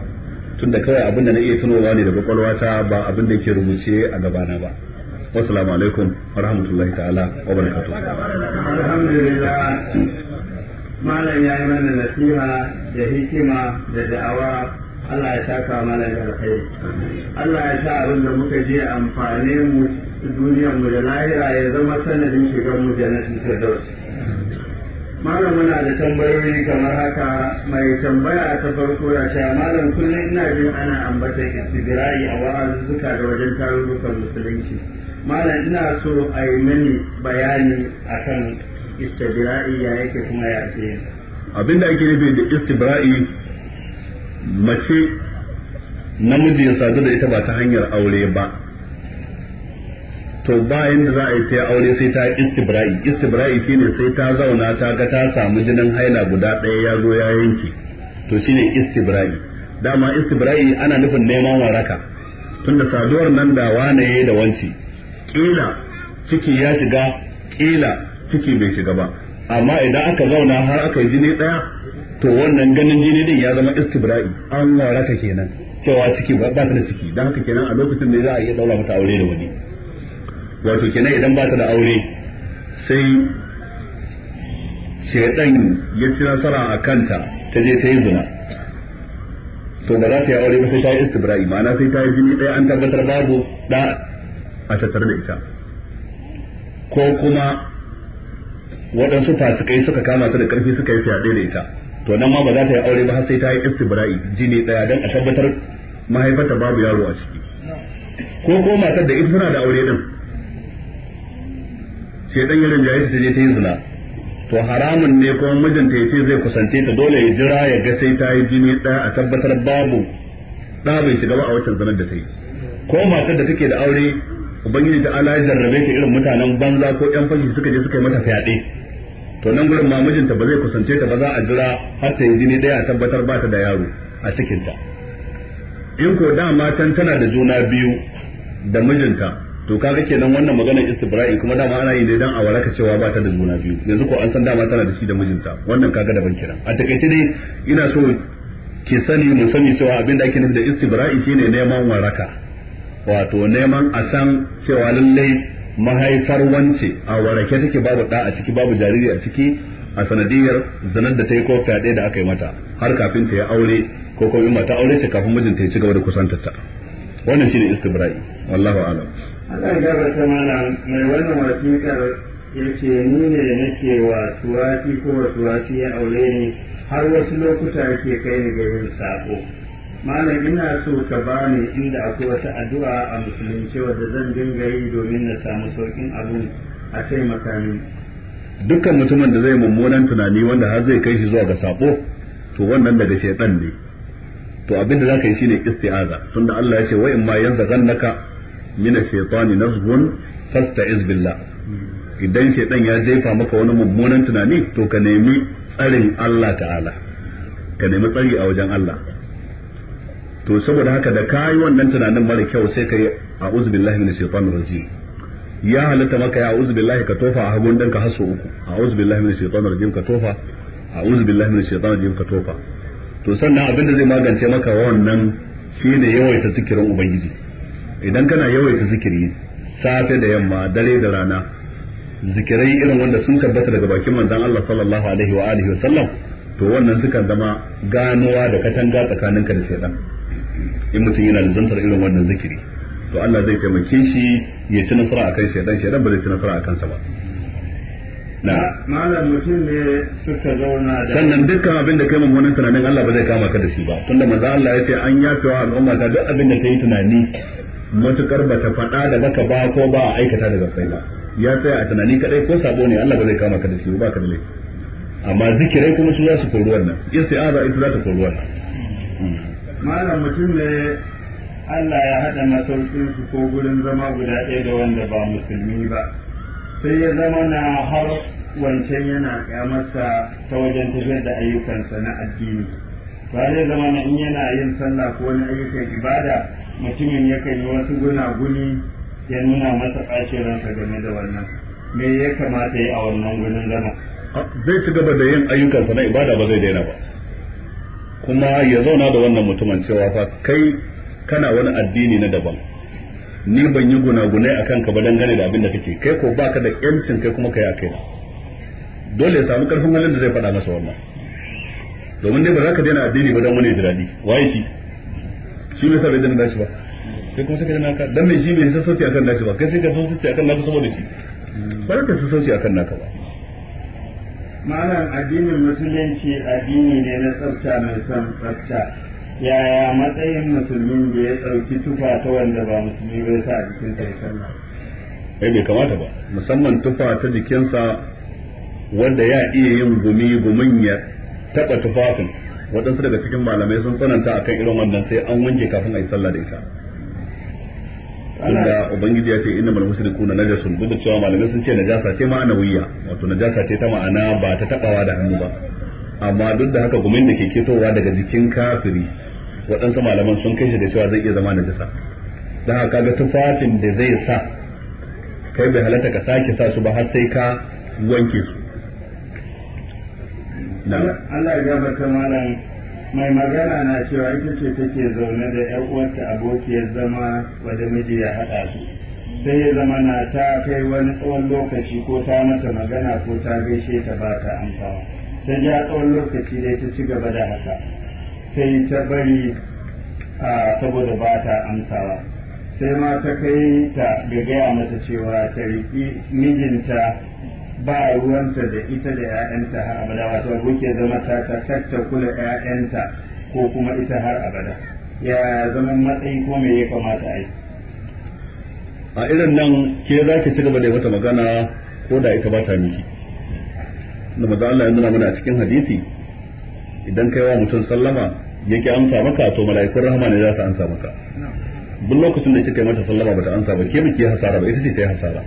Speaker 1: tunda kawai abin da na iya tunowa ne da kwakwalwa ta ba abin da ke rubuce a gabana ba wassalamu alaikum wa ta'ala wa barakatuh alhamdulillah malam ya yi mana nasiha da hikima da da'awa Allah ya saka mana da alkhairi Allah ya sa abin da muka je amfane mu duniyar mu da lahira ya zama sanadin shigar mu jannatin firdaus malam muna da tambayoyi kamar haka mai tambaya ta farko ya ce malam kullum ina jin ana ambatan istibirai a wa'azuzzuka da wajen tarurrukan musulunci malam ina so a yi mini bayani akan istibirai ya yake kuma ya ce abin da ake nufi da istibra'i mace namiji ya sadu da ita ba ta hanyar aure ba to bayan da za a yi ta aure sai ta istibra'i istibra'i shine sai ta zauna ta ga ta samu jinin haila guda ɗaya ya zo ya yanke to shine istibra'i dama istibra'i ana nufin neman waraka tunda saduwar nan da wane da wanci kila ciki ya shiga kila ciki bai shiga ba amma idan aka zauna har aka yi jini ɗaya to wannan ganin jini din ya zama istibra'i an waraka kenan cewa ciki ba ta da ciki dan haka kenan a lokacin da za a iya daura mata aure da wani wato kenan idan ba ta da aure sai shaidan ya ci nasara a kanta ta je ta yi zina to ba za ta yi aure ba sai ta yi istibra'i ma'ana sai ta yi jini ɗaya an tabbatar babu da a tattare da ita ko kuma waɗansu fasikai suka kama ta da ƙarfi suka yi fyaɗe da ita to nan ma ba za ta yi aure ba har sai ta yi istibra'i jini daya dan a tabbatar mahaifarta babu yaro a ciki ko ko matar da ita da aure din sai dan yaron jayi ta je ta yi zina to haramun ne kuma mijinta ya ce zai kusance ta dole ya jira ya ga sai ta yi jini daya a tabbatar babu da bai shiga ba a wacce zanar da ta yi ko matar da take da aure ubangiji ta ala ya jarrabe ta irin mutanen banza ko yan fashi suka je suka yi mata fyaɗe to nan gurin ma mijinta ba zai kusance ta ba za a jira har ta yi jini daya a tabbatar ba ta da yaro a cikinta in ko dama can tana da juna biyu da mijinta to kaga kenan wannan maganar istibra'i kuma dama ana yi ne dan a waraka cewa ba ta da juna biyu yanzu ko an san dama tana da shi da mijinta wannan kaga daban kiran a takaice dai ina so ke sani mu sani cewa abin da ake nufi da istibra'i shine neman waraka wato neman a san cewa lallai mahaifar wance a warake take babu da a ciki babu jariri a ciki a sanadiyar zanar da ta yi ko fyaɗe da aka yi mata har kafin ta ya aure ko kuma in mata aure ce kafin mijinta ya ci gaba da ta wannan shine istibra'i wallahu a'lam Allah ya ta mana mai wannan wasiƙar yace ni ne nake wa tuwaki ko tuwaki ya aure ni har wasu lokuta yake kai ni ga yin sako malam ina so ka bani inda akwai wata addu'a a musulunci wanda zan dinga yi domin na samu saukin abu a taimaka makami dukkan mutumin da zai mummunan tunani wanda har zai kai shi zuwa ga sako to wannan daga shaitan ne to abin da zaka yi shine isti'aza tunda Allah ya ce wa ma yanzaghannaka min ash-shaytani nazghun fasta'iz billah idan shaitan ya jefa maka wani mummunan tunani to ka nemi tsarin Allah ta'ala ka nemi tsari a wajen Allah to saboda haka da kayi wannan tunanin mara kyau sai ka yi a'udhu billahi minash shaitanir rajim ya halatta maka ya a'udhu billahi ka tofa a hagun danka har uku a'udhu billahi minash shaitanir rajim ka tofa a'udhu billahi minash shaitanir rajim ka tofa to sannan abin da zai magance maka wannan shine yawaita zikirin ubangiji idan kana yawaita zikiri safe da yamma dare da rana zikirai irin wanda sun tabbata daga bakin manzon Allah sallallahu alaihi wa alihi wa sallam to wannan suka zama ganowa da katanga tsakaninka da shaitan in mutum yana zantar irin wannan zikiri to Allah zai taimake shi ya ci nasara akan shaidan shaidan ba zai ci nasara akan sa ba na
Speaker 2: malam mutum ne suka zauna da sannan
Speaker 1: dukkan abin da kai mummunan tunanin Allah ba zai kama ka da shi ba tunda manzo Allah ya ce an yafe wa al'umma ta duk abin da ta yi tunani matukar ba ta faɗa da baka ba ko ba a aikata da gaskiya ba ya tsaya a tunani kadai ko sabo ne Allah ba zai kama ka da shi ba ka da laifi amma zikirai kuma su za su kori wannan istiaza ita za ta kori wannan hmm. malam mutum ne Allah ya haɗa masaukin su ko gurin zama guda ɗaya da wanda ba musulmi ba sai ya zama na har wancan yana kyamarsa ta wajen tafiyar da ayyukansa na addini ba zai zama na in yana yin sallah ko wani ayyukan ibada mutumin yakan yi wasu gunaguni ya nuna masa ɓacin ransa game da wannan me ya kamata ya a wannan gunin zama zai ci gaba da yin ayyukansa na ibada ba zai daina ba kuma ya zauna da wannan mutumin cewa fa kai kana wani addini na daban ni ban yi gunagunai akan ka ba dangane da abin da kake kai ko baka da yancin kai kuma kai akai dole ya samu karfin halin da zai faɗa masa wannan domin dai ba za ka daina addini ba dan wani da daɗi waye shi shi bai sa bai dashi ba kai kuma sai ka dan mai shi bai sassauci akan dashi ba kai sai ka sassauci akan naka saboda shi ba za ka sassauci akan naka ba malam addinin musulunci addini ne na tsafta mai son tsafta yaya matsayin musulmin da ya ɗauki tufa ta wanda ba musulmi ba sa a jikin sa sallah eh bai kamata ba musamman tufa ta jikinsa wanda ya iya yin gumi gumin ya taɓa tufafin waɗansu daga cikin malamai sun tsananta akan irin wannan sai an wanke kafin a yi sallah da ita inda ubangiji ya ce inna mal mushriku na najasun duk cewa malamai sun ce najasa ce ma'anawiyya wato najasa ce ta ma'ana ba ta tabawa da hannu ba amma duk da haka gumin da ke ketowa daga jikin kafiri waɗansu malaman sun kai shi da cewa zai iya zama najasa dan haka ga tufafin da zai sa kai bai halatta ka sake sa su ba har sai ka wanke su Allah ya gabata malam mai magana na cewa ita ce take zaune da yan uwarta abokiyar zama wadda miji ya haɗa su sai ya zama na ta kai wani tsawon lokaci ko ta mata magana ko ta gaishe ta ba ta amsawa ta ja tsawon lokaci dai ta ci gaba da haka sai ta bari a saboda ba ta amsawa sai ma ta kai ta ga gaya mata cewa ta riƙi mijinta ba ruwanta da ita da ‘ya'yanta har abada wato muke zama ta ta kula ‘ya'yanta ko kuma ita har abada ya zama matsayi ko me ya kamata a yi a irin nan ke za ki ci gaba da wata magana ko da ita ba ta miki da maza Allah ya nuna mana a cikin hadisi idan kai wa mutum sallama yake amsa maka to mala'ikun rahama ne za su amsa maka duk lokacin da kika yi mata sallama ba ta amsa ba ke miki hasara ba ita ce ta yi hasara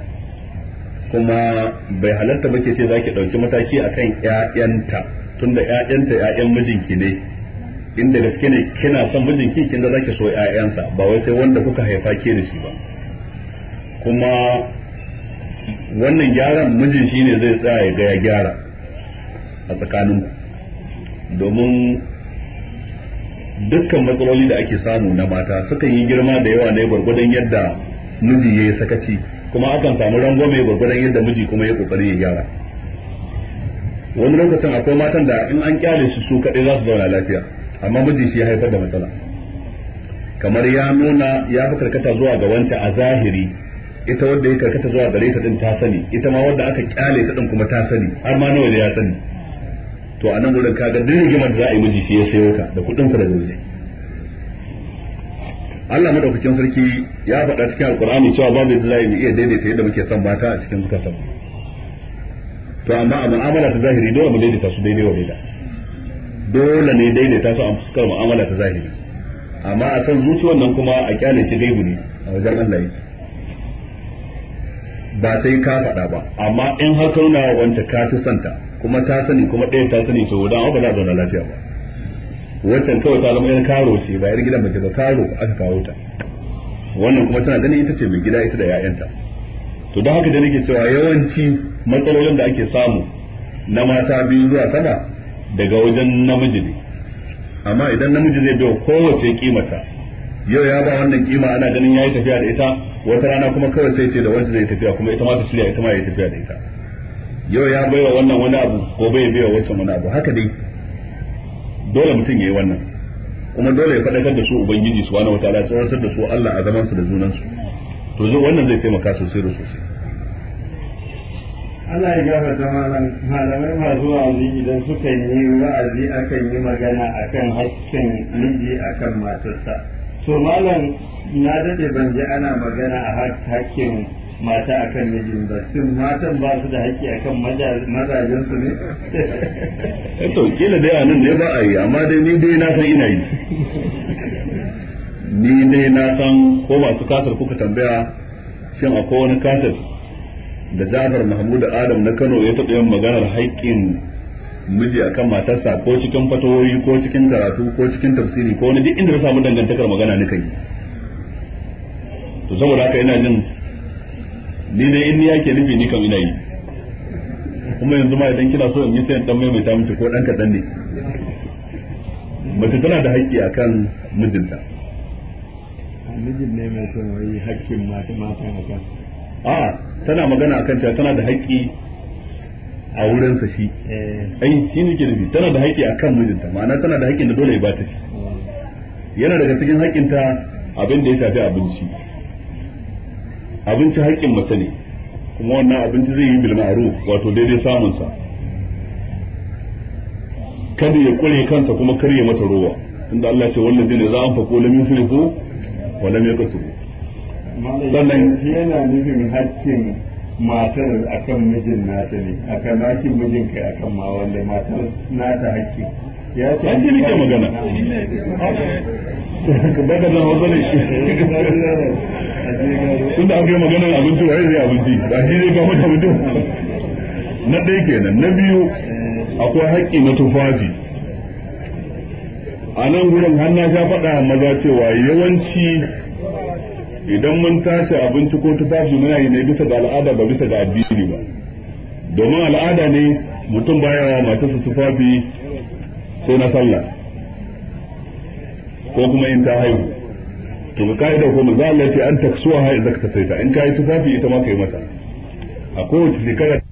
Speaker 1: kuma bai halarta ba ke ce za ki ɗauki mataki a kan ‘ya'yanta tunda ‘ya'yanta ‘ya'yan mijinki ne inda gaske ne kina son mijinki kin da za ki so ‘ya'yansa ba wai sai wanda kuka haifa ke da shi ba kuma wannan gyaran mijin shi ne zai tsaya ya gaya gyara a tsakanin domin dukkan matsaloli da ake samu na mata sukan yi girma da yawa na ne gwargwadon yadda miji ya yi sakaci kuma akan samu rangwame gwagwaran yadda miji kuma ya kokari ya gyara wani lokacin akwai matan da in an kyale su su kaɗai za su zauna lafiya amma miji shi ya haifar da matsala kamar ya nuna ya fi karkata zuwa ga wancan a zahiri ita wadda ya karkata zuwa gare ta din ta sani ita ma wadda aka kyale ta din kuma ta sani har ma nawa da ya sani to a nan wurin kaga duk rigimar da za a yi miji shi ya sayo ka da kuɗin sa da waje Allah madaukakin sarki ya faɗa cikin alkur'ani cewa babu yadda za iya daidaita yadda muke son mata a cikin zukatan to amma a mu'amala ta zahiri dole mu daidaita su daidai wa daida dole ne daidaita su a fuskar mu'amala ta zahiri amma a san zuciyar nan kuma a kyale shi gaibu ne a wajen Allah yake ba sai ka faɗa ba amma in har kauna wancan ka ta santa kuma ta sani kuma ɗaya ta sani to dan ba za zauna lafiya ba wancan kawai ta zama yan karo ce ba yar gidan mace ba karo aka kawo ta wannan kuma tana ganin ita ce mai gida ita da 'ya'yanta to don haka da nake cewa yawanci matsalolin da ake samu na mata biyu zuwa sama daga wajen namiji ne amma idan namiji zai biyo kowace kimata yau ya ba wannan kima ana ganin yayi tafiya da ita wata rana kuma kawai sai ce da wanda zai tafiya kuma ita ma ta shirya ita ma yayi tafiya da ita yau ya baiwa wannan wani abu gobe ya baiwa wancan wani abu haka dai dole mutum ya yi wannan kuma dole ya faɗakar da su ubangiji subhanahu wata tsawatar da su Allah a zaman su da junansu to zai wannan zai taimaka sosai da sosai Allah ya gafarta malamai masu wa'azi idan suka yi wa'azi akan yi magana akan haƙƙin miji akan matarsa to malam na dade ban ji ana magana a hakkin. mata akan mijin ba sun matan ba su da haƙƙi akan kan mazajensu ne eh kila dai nan ne ba a yi amma dai ni dai na san ina yi ni dai na san ko masu kasar kuka tambaya shin akwai wani kasar da Jafar Mahmud Adam na Kano ya taɓa yin maganar haƙƙin miji akan matarsa ko cikin fatawoyi ko cikin karatu ko cikin tafsiri ko wani duk inda na samu dangantakar magana ni kai to saboda haka ina jin ni dai in ni yake nufi ni kan ina yi kuma yanzu ma idan kina so in yi sai dan ta miki ko dan dan ne mace tana da haƙƙi akan mijinta mijin ne mai son wai haƙƙin mata mata akan a tana magana akan cewa tana da haƙƙi a wurinsa shi eh. ai shi ne ke nufi tana da haƙƙi akan mijinta ma'ana tana da haƙƙin da dole ya bata
Speaker 2: shi
Speaker 1: yana daga cikin haƙƙinta abin da ya shafi abinci abinci haƙƙin mace ne kuma wannan abinci zai yi bilma'aru wato daidai samunsa kada ya kure kansa kuma kar ya mata ruwa tunda Allah ce wannan dai za a an fako lam yusrifu wa lam yaqtu sannan yana nufin haƙƙin matar akan mijin nata ne akan haƙƙin mijin kai akan ma wanda matar nata haƙƙi ya ce ne ke magana hausa ne *laughs* tunda aka yi maganar abinci waye zai abinci ba shi zai kawo da abinci na ɗaya kenan na biyu akwai haƙƙi na tufafi a nan gurin hannu ta faɗa maza cewa yawanci idan mun tashi abinci ko tufafi muna yi ne bisa ga al'ada ba bisa ga addini ba domin al'ada ne mutum baya wa matarsa tufafi sai na sallah ko kuma in ta haihu to ga kaida ko manzo an ya ce an taksuha idza kasaita in kai tufafi ita ma yi mata a kowace
Speaker 3: shekara